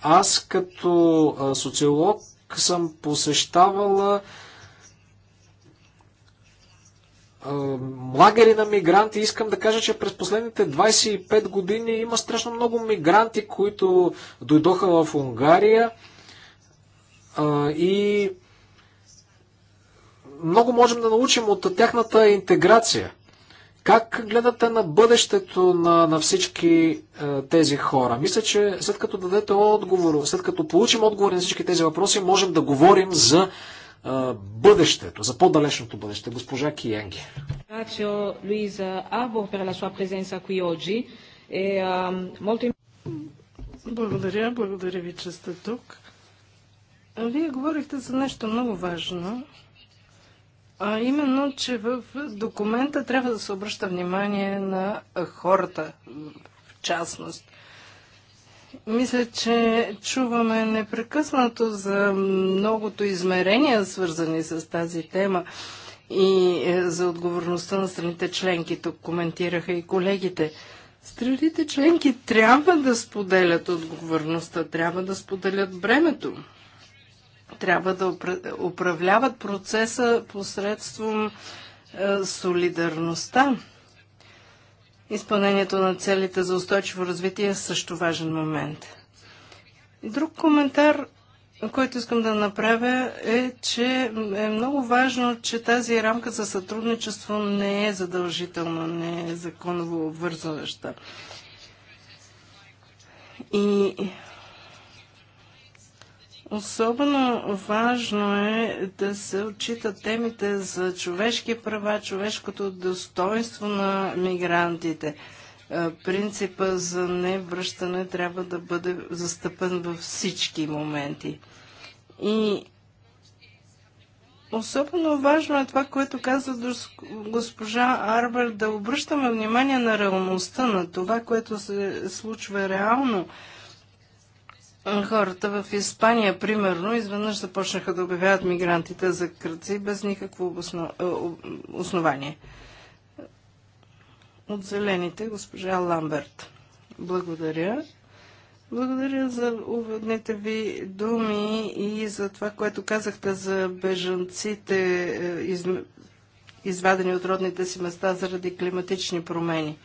Аз като социолог съм посещавала лагери на мигранти. Искам да кажа, че през последните 25 години има страшно много мигранти, които дойдоха в Унгария и много можем да научим от тяхната интеграция. Как гледате на бъдещето на, на всички е, тези хора? Мисля, че след като дадете отговор, след като получим отговор на всички тези въпроси, можем да говорим за бъдещето, за по-далечното бъдеще. Госпожа Киенги. E, благодаря, благодаря ви, че сте тук. Вие говорихте за нещо много важно, а именно, че в документа трябва да се обръща внимание на хората, в частност. Мисля, че чуваме непрекъснато за многото измерения, свързани с тази тема и е, за отговорността на страните членки. Тук коментираха и колегите. Страните членки трябва да споделят отговорността, трябва да споделят бремето, трябва да управляват процеса посредством е, солидарността. Изпълнението на целите за устойчиво развитие е също важен момент. Друг коментар, който искам да направя е, че е много важно, че тази рамка за сътрудничество не е задължителна, не е законово обвързваща. И Особено важно е да се отчитат темите за човешки права, човешкото достоинство на мигрантите. Е, принципа за невръщане трябва да бъде застъпен във всички моменти. И Особено важно е това, което каза госпожа Арбер, да обръщаме внимание на реалността, на това, което се случва реално Хората в Испания, примерно, изведнъж започнаха да обявяват мигрантите за кръци без никакво обосно... Е, основание. От зелените, госпожа Ламберт. Благодаря. Благодаря за уведните ви думи и за това, което казахте за бежанците, е, извадени от родните си места заради климатични промени.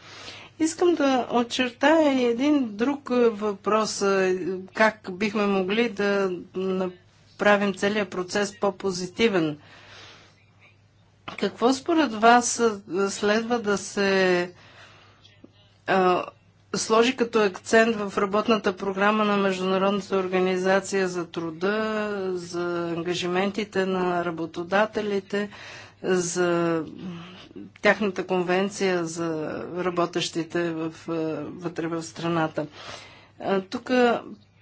Искам да очертая и един друг е, въпрос. Е, как бихме могли да направим целият процес по-позитивен? Какво според вас е, следва да се сложи като акцент в работната програма на Международната организация за труда, за ангажиментите на работодателите, за тяхната конвенция за работещите в, вътре в страната. Тук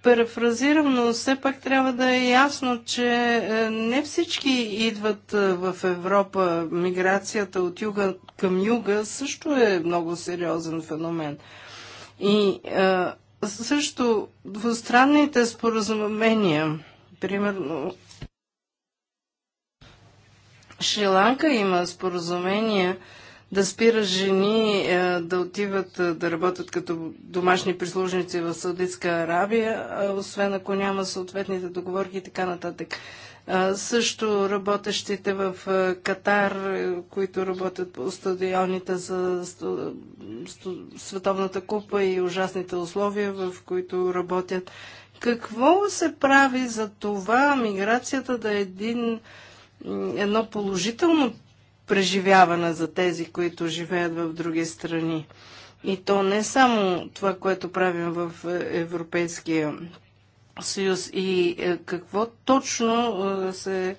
перефразирам, но все пак трябва да е ясно, че не всички идват в Европа. Миграцията от юга към юга също е много сериозен феномен. И също двустранните споразумения, примерно Шри-Ланка има споразумения да спира жени е, да отиват е, да работят като домашни прислужници в Саудитска Арабия, е, освен ако няма съответните договорки и така нататък. Също работещите в Катар, които работят по стадионите за Световната купа и ужасните условия, в които работят. Какво се прави за това миграцията да е един едно положително преживяване за тези, които живеят в други страни. И то не само това, което правим в е, Европейския съюз и е, какво точно е, се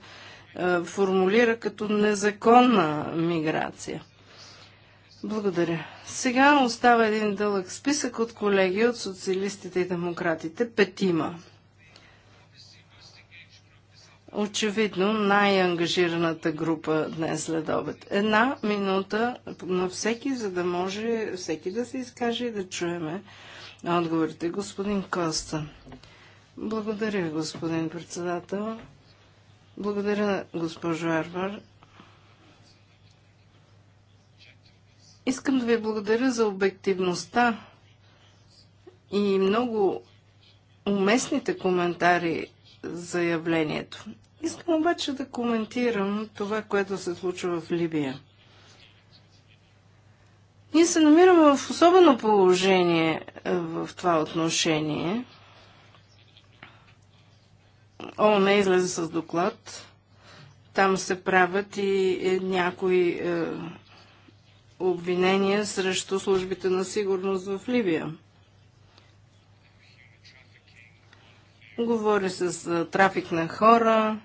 формулира като незаконна миграция. Благодаря. Сега остава един дълъг списък от колеги от социалистите и демократите. Петима очевидно най-ангажираната група днес след обед. Една минута на всеки, за да може всеки да се изкаже и да чуеме отговорите. Господин Коста. Благодаря, господин председател. Благодаря, госпожо Арвар. Искам да ви благодаря за обективността и много уместните коментари заявлението. Искам обаче да коментирам това, което се случва в Либия. Ние се намираме в особено положение е, в това отношение. О, не излезе с доклад. Там се правят и е, някои е, обвинения срещу службите на сигурност в Ливия. Говори с трафик на хора.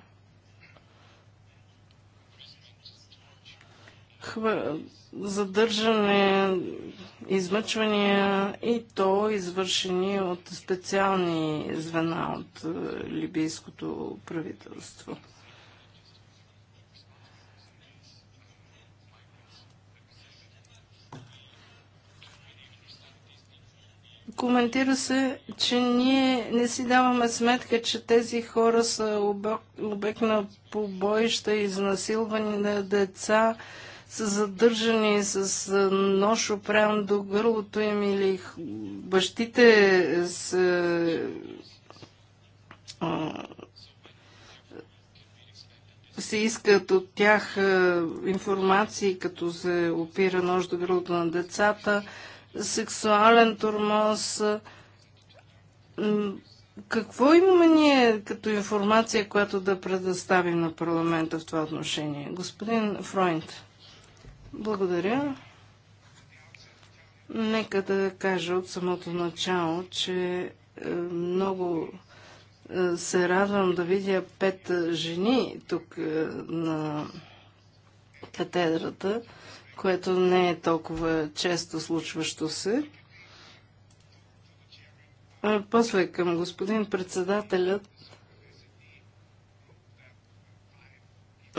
задържане, измъчвания и то извършени от специални звена от е, либийското правителство. коментира се, че ние не си даваме сметка, че тези хора са обект на побоища, изнасилвани на деца, са задържани с нож опрям до гърлото им или бащите са се искат от тях информации, като се опира нож до гърлото на децата сексуален турмоз. Какво имаме ние като информация, която да предоставим на парламента в това отношение? Господин Фройнт, благодаря. Нека да кажа от самото начало, че е, много е, се радвам да видя пет жени тук е, на катедрата което не е толкова често случващо се. А после към господин председателят.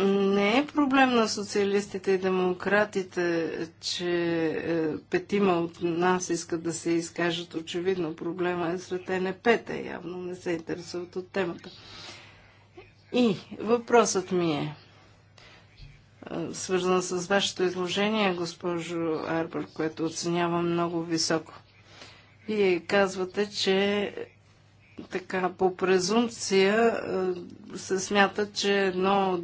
Не е проблем на социалистите и демократите, че е, петима от нас искат да се изкажат. Очевидно, проблема е сред нп Явно не се интересуват от темата. И въпросът ми е, свързана с вашето изложение, госпожо Арбър, което оценявам много високо. Вие казвате, че така по презумпция се смята, че едно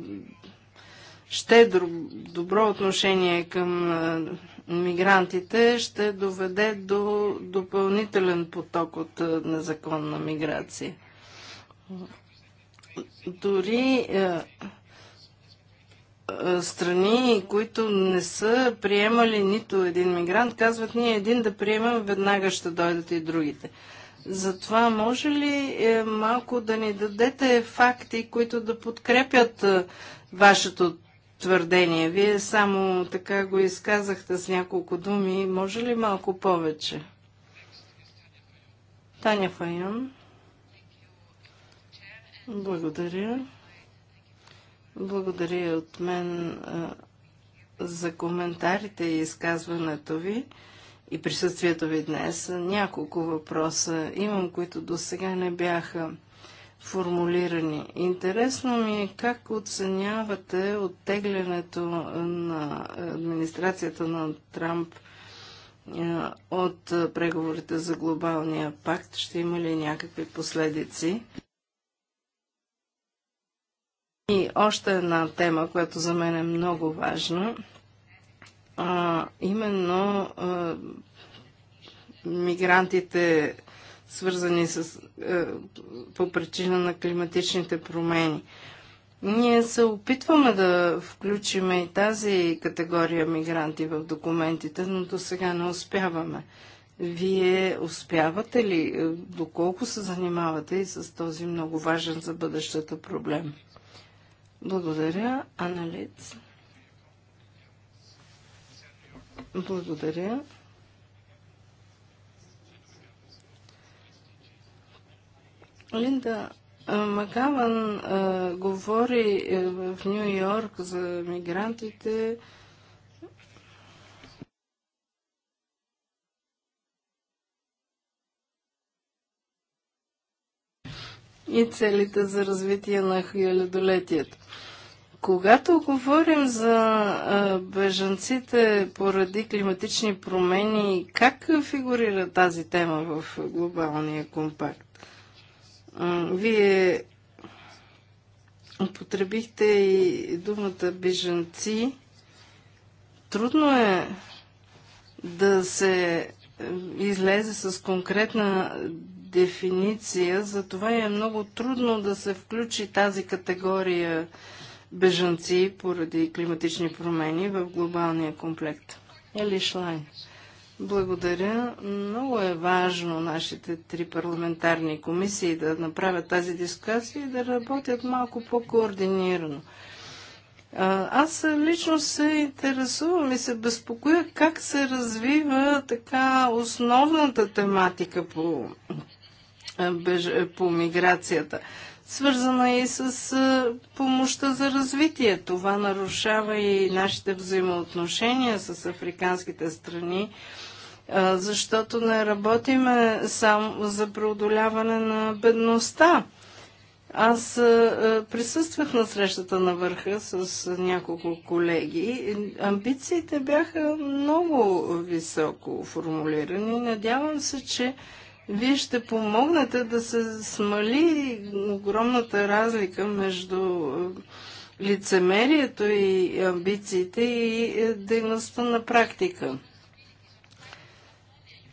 щедро, добро отношение към мигрантите ще доведе до допълнителен поток от незаконна миграция. Дори страни, които не са приемали нито един мигрант, казват ние един да приемем, веднага ще дойдат и другите. Затова може ли е, малко да ни дадете факти, които да подкрепят е, вашето твърдение? Вие само така го изказахте с няколко думи. Може ли малко повече? Таня Файон. Благодаря. Благодаря от мен за коментарите и изказването ви и присъствието ви днес. Няколко въпроса имам, които до сега не бяха формулирани. Интересно ми е как оценявате оттеглянето на администрацията на Трамп от преговорите за глобалния пакт. Ще има ли някакви последици? И още една тема, която за мен е много важна, а, именно а, мигрантите, свързани с, а, по причина на климатичните промени. Ние се опитваме да включиме и тази категория мигранти в документите, но до сега не успяваме. Вие успявате ли, доколко се занимавате и с този много важен за бъдещата проблем? Благодаря, Лиц. Благодаря. Линда Макаван а, говори е, в Нью Йорк за мигрантите, и целите за развитие на хилядолетието. Когато говорим за бежанците поради климатични промени, как фигурира тази тема в глобалния компакт? Вие употребихте и думата бежанци. Трудно е да се излезе с конкретна дефиниция, затова е много трудно да се включи тази категория бежанци поради климатични промени в глобалния комплект. Ели Шлайн. Благодаря. Много е важно нашите три парламентарни комисии да направят тази дискусия и да работят малко по-координирано. Аз лично се интересувам и се безпокоя как се развива така основната тематика по е, по миграцията. Свързана е и с е, помощта за развитие. Това нарушава и нашите взаимоотношения с африканските страни е, защото не работиме само за преодоляване на бедността. Аз присъствах на срещата на върха с няколко колеги. Амбициите бяха много високо формулирани. Надявам се, че вие ще помогнете да се смали огромната разлика между е, лицемерието и амбициите и е, дейността на практика.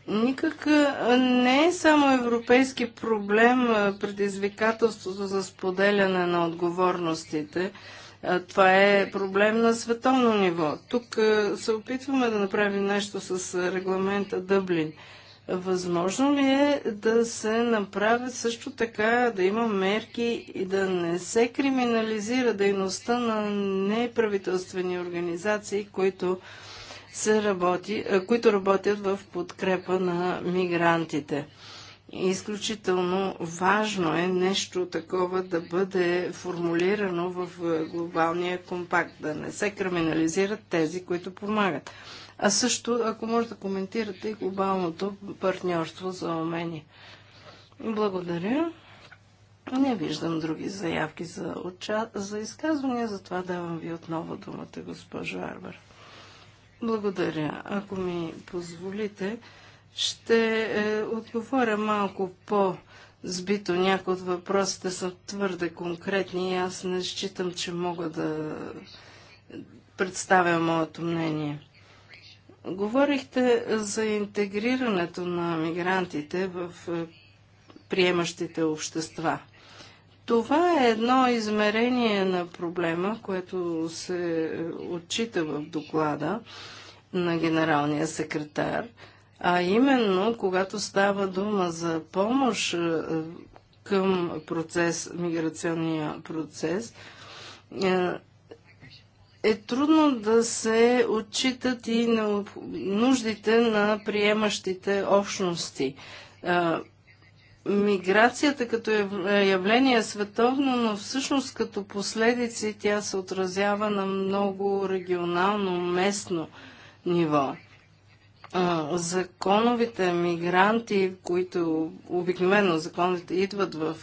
Никак е, не е само европейски проблем предизвикателството за споделяне на отговорностите. Това е проблем на световно ниво. Тук се опитваме да направим нещо с регламента Дъблин. Възможно ли е да се направят също така, да има мерки и да не се криминализира дейността на неправителствени организации, които, се работи, които работят в подкрепа на мигрантите? Изключително важно е нещо такова да бъде формулирано в глобалния компакт, да не се криминализират тези, които помагат. А също, ако може да коментирате и глобалното партньорство за умение. Благодаря. Не виждам други заявки за, отча... за изказвания, затова давам ви отново думата, госпожо Арбър. Благодаря. Ако ми позволите, ще е, отговоря малко по- сбито. Някои от въпросите са твърде конкретни и аз не считам, че мога да представя моето мнение. Говорихте за интегрирането на мигрантите в е, приемащите общества. Това е едно измерение на проблема, което се отчита в доклада на генералния секретар, а именно когато става дума за помощ е, към процес, миграционния процес, е, е трудно да се отчитат и на нуждите на приемащите общности. Миграцията като явление е световно, но всъщност като последици тя се отразява на много регионално, местно ниво законовите мигранти, които обикновено законите идват в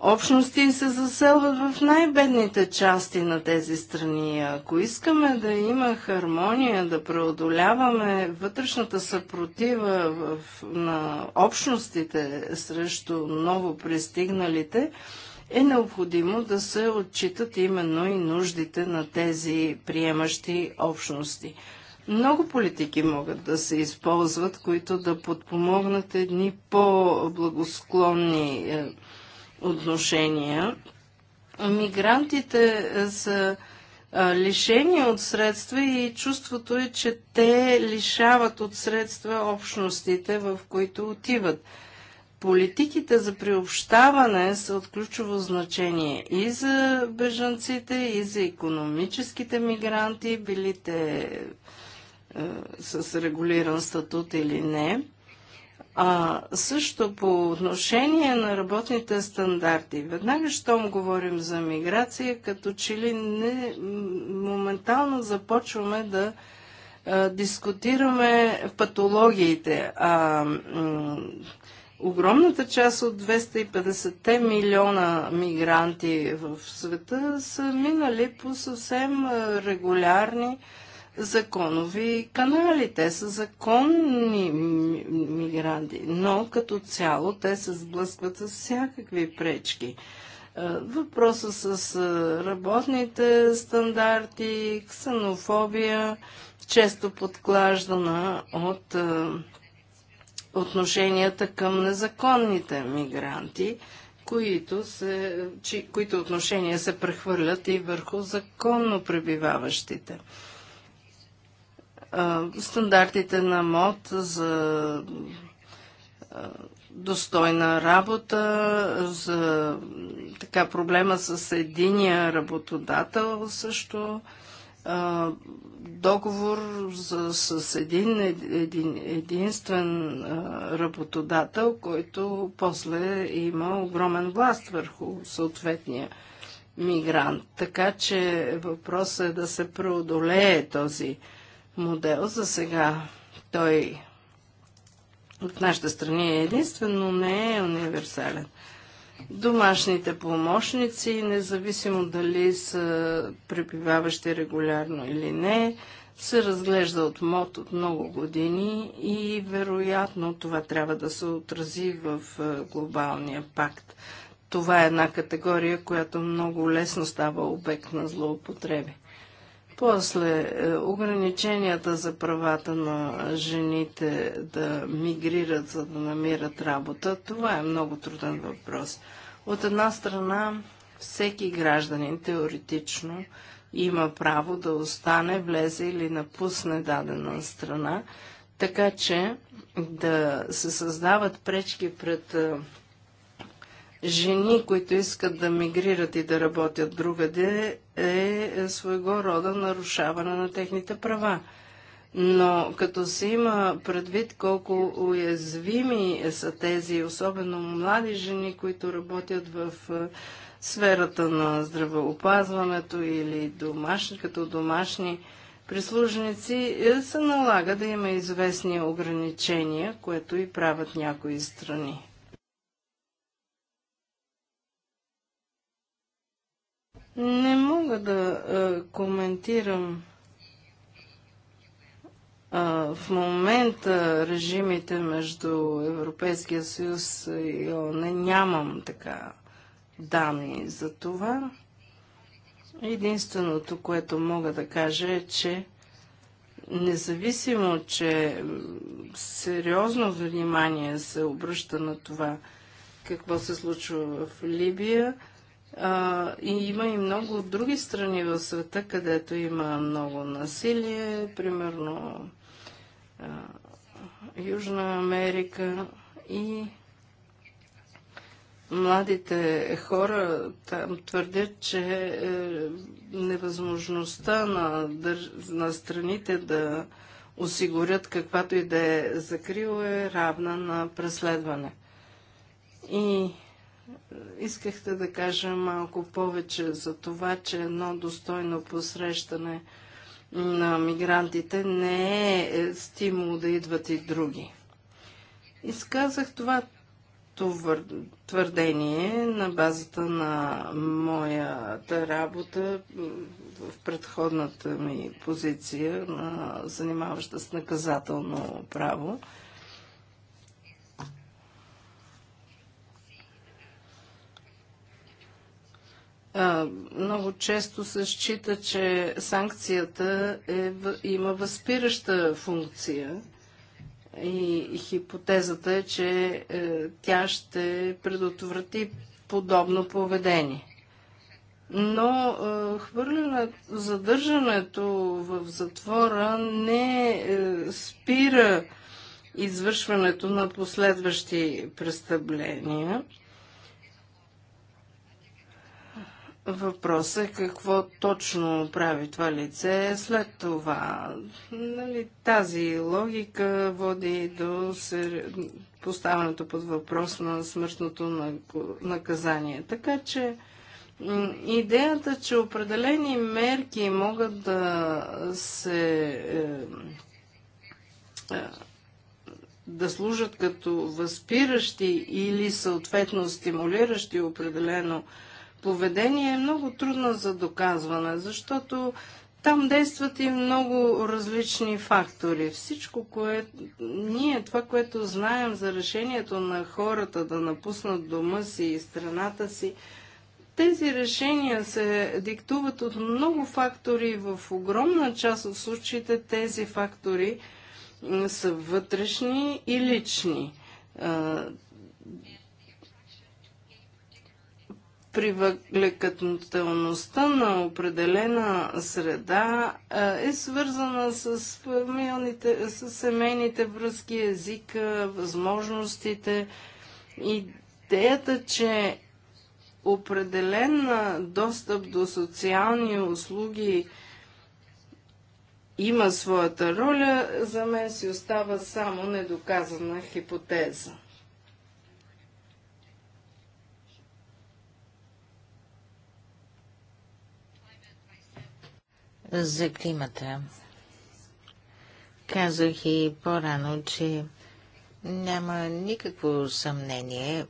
общности се заселват в най-бедните части на тези страни. Ако искаме да има хармония, да преодоляваме вътрешната съпротива в, на общностите срещу ново пристигналите, е необходимо да се отчитат именно и нуждите на тези приемащи общности. Много политики могат да се използват, които да подпомогнат едни по-благосклонни е, отношения. Мигрантите са лишени от средства и чувството е, че те лишават от средства общностите, в които отиват. Политиките за приобщаване са от ключово значение и за бежанците, и за економическите мигранти, били те с регулиран статут или не. А, също по отношение на работните стандарти, веднага щом говорим за миграция, като че ли не, моментално започваме да а, дискутираме патологиите. А, огромната част от 250 милиона мигранти в света са минали по съвсем регулярни законови канали. Те са законни мигранти, но като цяло те се сблъскват с всякакви пречки. Въпроса с работните стандарти, ксенофобия, често подклаждана от отношенията към незаконните мигранти, които, се, чи, които отношения се прехвърлят и върху законно пребиваващите стандартите на МОД за достойна работа, за така проблема с единия работодател също, договор за, с един, един единствен работодател, който после има огромен власт върху съответния мигрант. Така че въпросът е да се преодолее този модел. За сега той от нашата страни е единствен, но не е универсален. Домашните помощници, независимо дали са пребиваващи регулярно или не, се разглежда от МОД от много години и вероятно това трябва да се отрази в е, глобалния пакт. Това е една категория, която много лесно става обект на злоупотреби. После е, ограниченията за правата на жените да мигрират, за да намират работа, това е много труден въпрос. От една страна, всеки гражданин теоретично има право да остане, влезе или напусне дадена страна, така че да се създават пречки пред е, жени, които искат да мигрират и да работят другаде, е своего рода нарушаване на техните права. Но като се има предвид колко уязвими са тези, особено млади жени, които работят в е, сферата на здравеопазването или домашни, като домашни прислужници, е, се налага да има известни ограничения, което и правят някои страни. Не мога да а, коментирам а, в момента режимите между Европейския съюз и ООН. Нямам така данни за това. Единственото, което мога да кажа е, че независимо, че сериозно внимание се обръща на това какво се случва в Либия, а, и има и много други страни в света, където има много насилие, примерно а, Южна Америка и младите хора там твърдят, че е, невъзможността на, на страните да осигурят каквато и да е закрила е равна на преследване. И искахте да кажа малко повече за това, че едно достойно посрещане на мигрантите не е стимул да идват и други. Изказах това твърдение на базата на моята работа в предходната ми позиция, на... занимаваща с наказателно право. Много често се счита, че санкцията е, има възпираща функция и хипотезата е, че е, тя ще предотврати подобно поведение. Но е, хвърлянето, задържането в затвора не е, спира извършването на последващи престъпления. Въпросът е какво точно прави това лице след това. Нали, тази логика води до сер... поставянето под въпрос на смъртното наказание. Така че идеята, че определени мерки могат да се е, е, да служат като възпиращи или съответно стимулиращи определено поведение е много трудна за доказване, защото там действат и много различни фактори. Всичко, което ние, това, което знаем за решението на хората да напуснат дома си и страната си, тези решения се диктуват от много фактори. В огромна част от случаите тези фактори са вътрешни и лични. привлекателността на определена среда е свързана с, фамилните, с семейните връзки, езика, възможностите. Идеята, че определен достъп до социални услуги има своята роля, за мен си остава само недоказана хипотеза. за климата. Казах и по-рано, че няма никакво съмнение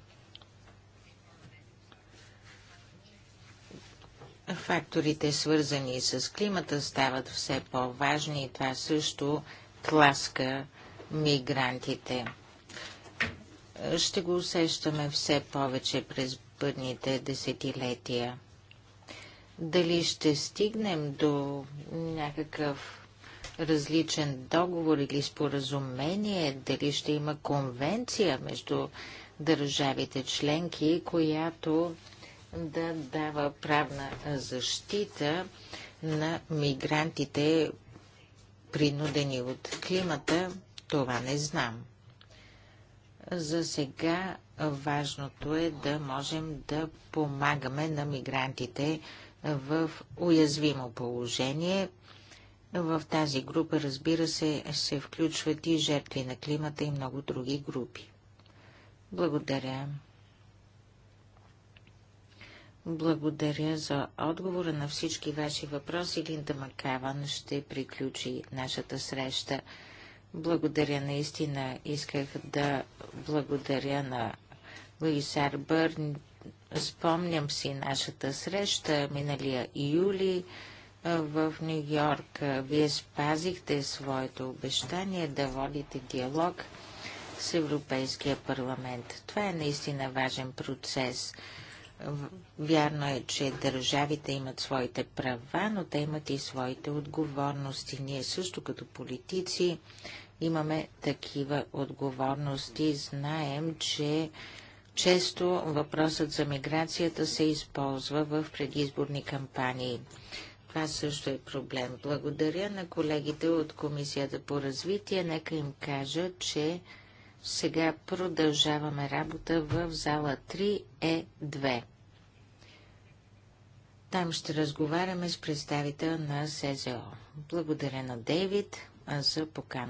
Факторите, свързани с климата, стават все по-важни и това също тласка мигрантите. Ще го усещаме все повече през бъдните десетилетия. Дали ще стигнем до някакъв различен договор или споразумение, дали ще има конвенция между държавите членки, която да дава правна защита на мигрантите, принудени от климата, това не знам. За сега важното е да можем да помагаме на мигрантите в уязвимо положение. В тази група, разбира се, се включват и жертви на климата и много други групи. Благодаря. Благодаря за отговора на всички ваши въпроси. Линда Макаван ще приключи нашата среща. Благодаря наистина. Исках да благодаря на Луис Бърн. Спомням си нашата среща миналия юли в Нью Йорк. Вие спазихте своето обещание да водите диалог с Европейския парламент. Това е наистина важен процес. Вярно е, че държавите имат своите права, но те имат и своите отговорности. Ние също като политици имаме такива отговорности. Знаем, че често въпросът за миграцията се използва в предизборни кампании. Това също е проблем. Благодаря на колегите от Комисията по развитие. Нека им кажа, че сега продължаваме работа в зала 3Е2. Там ще разговаряме с представител на СЗО. Благодаря на Дейвид за покана.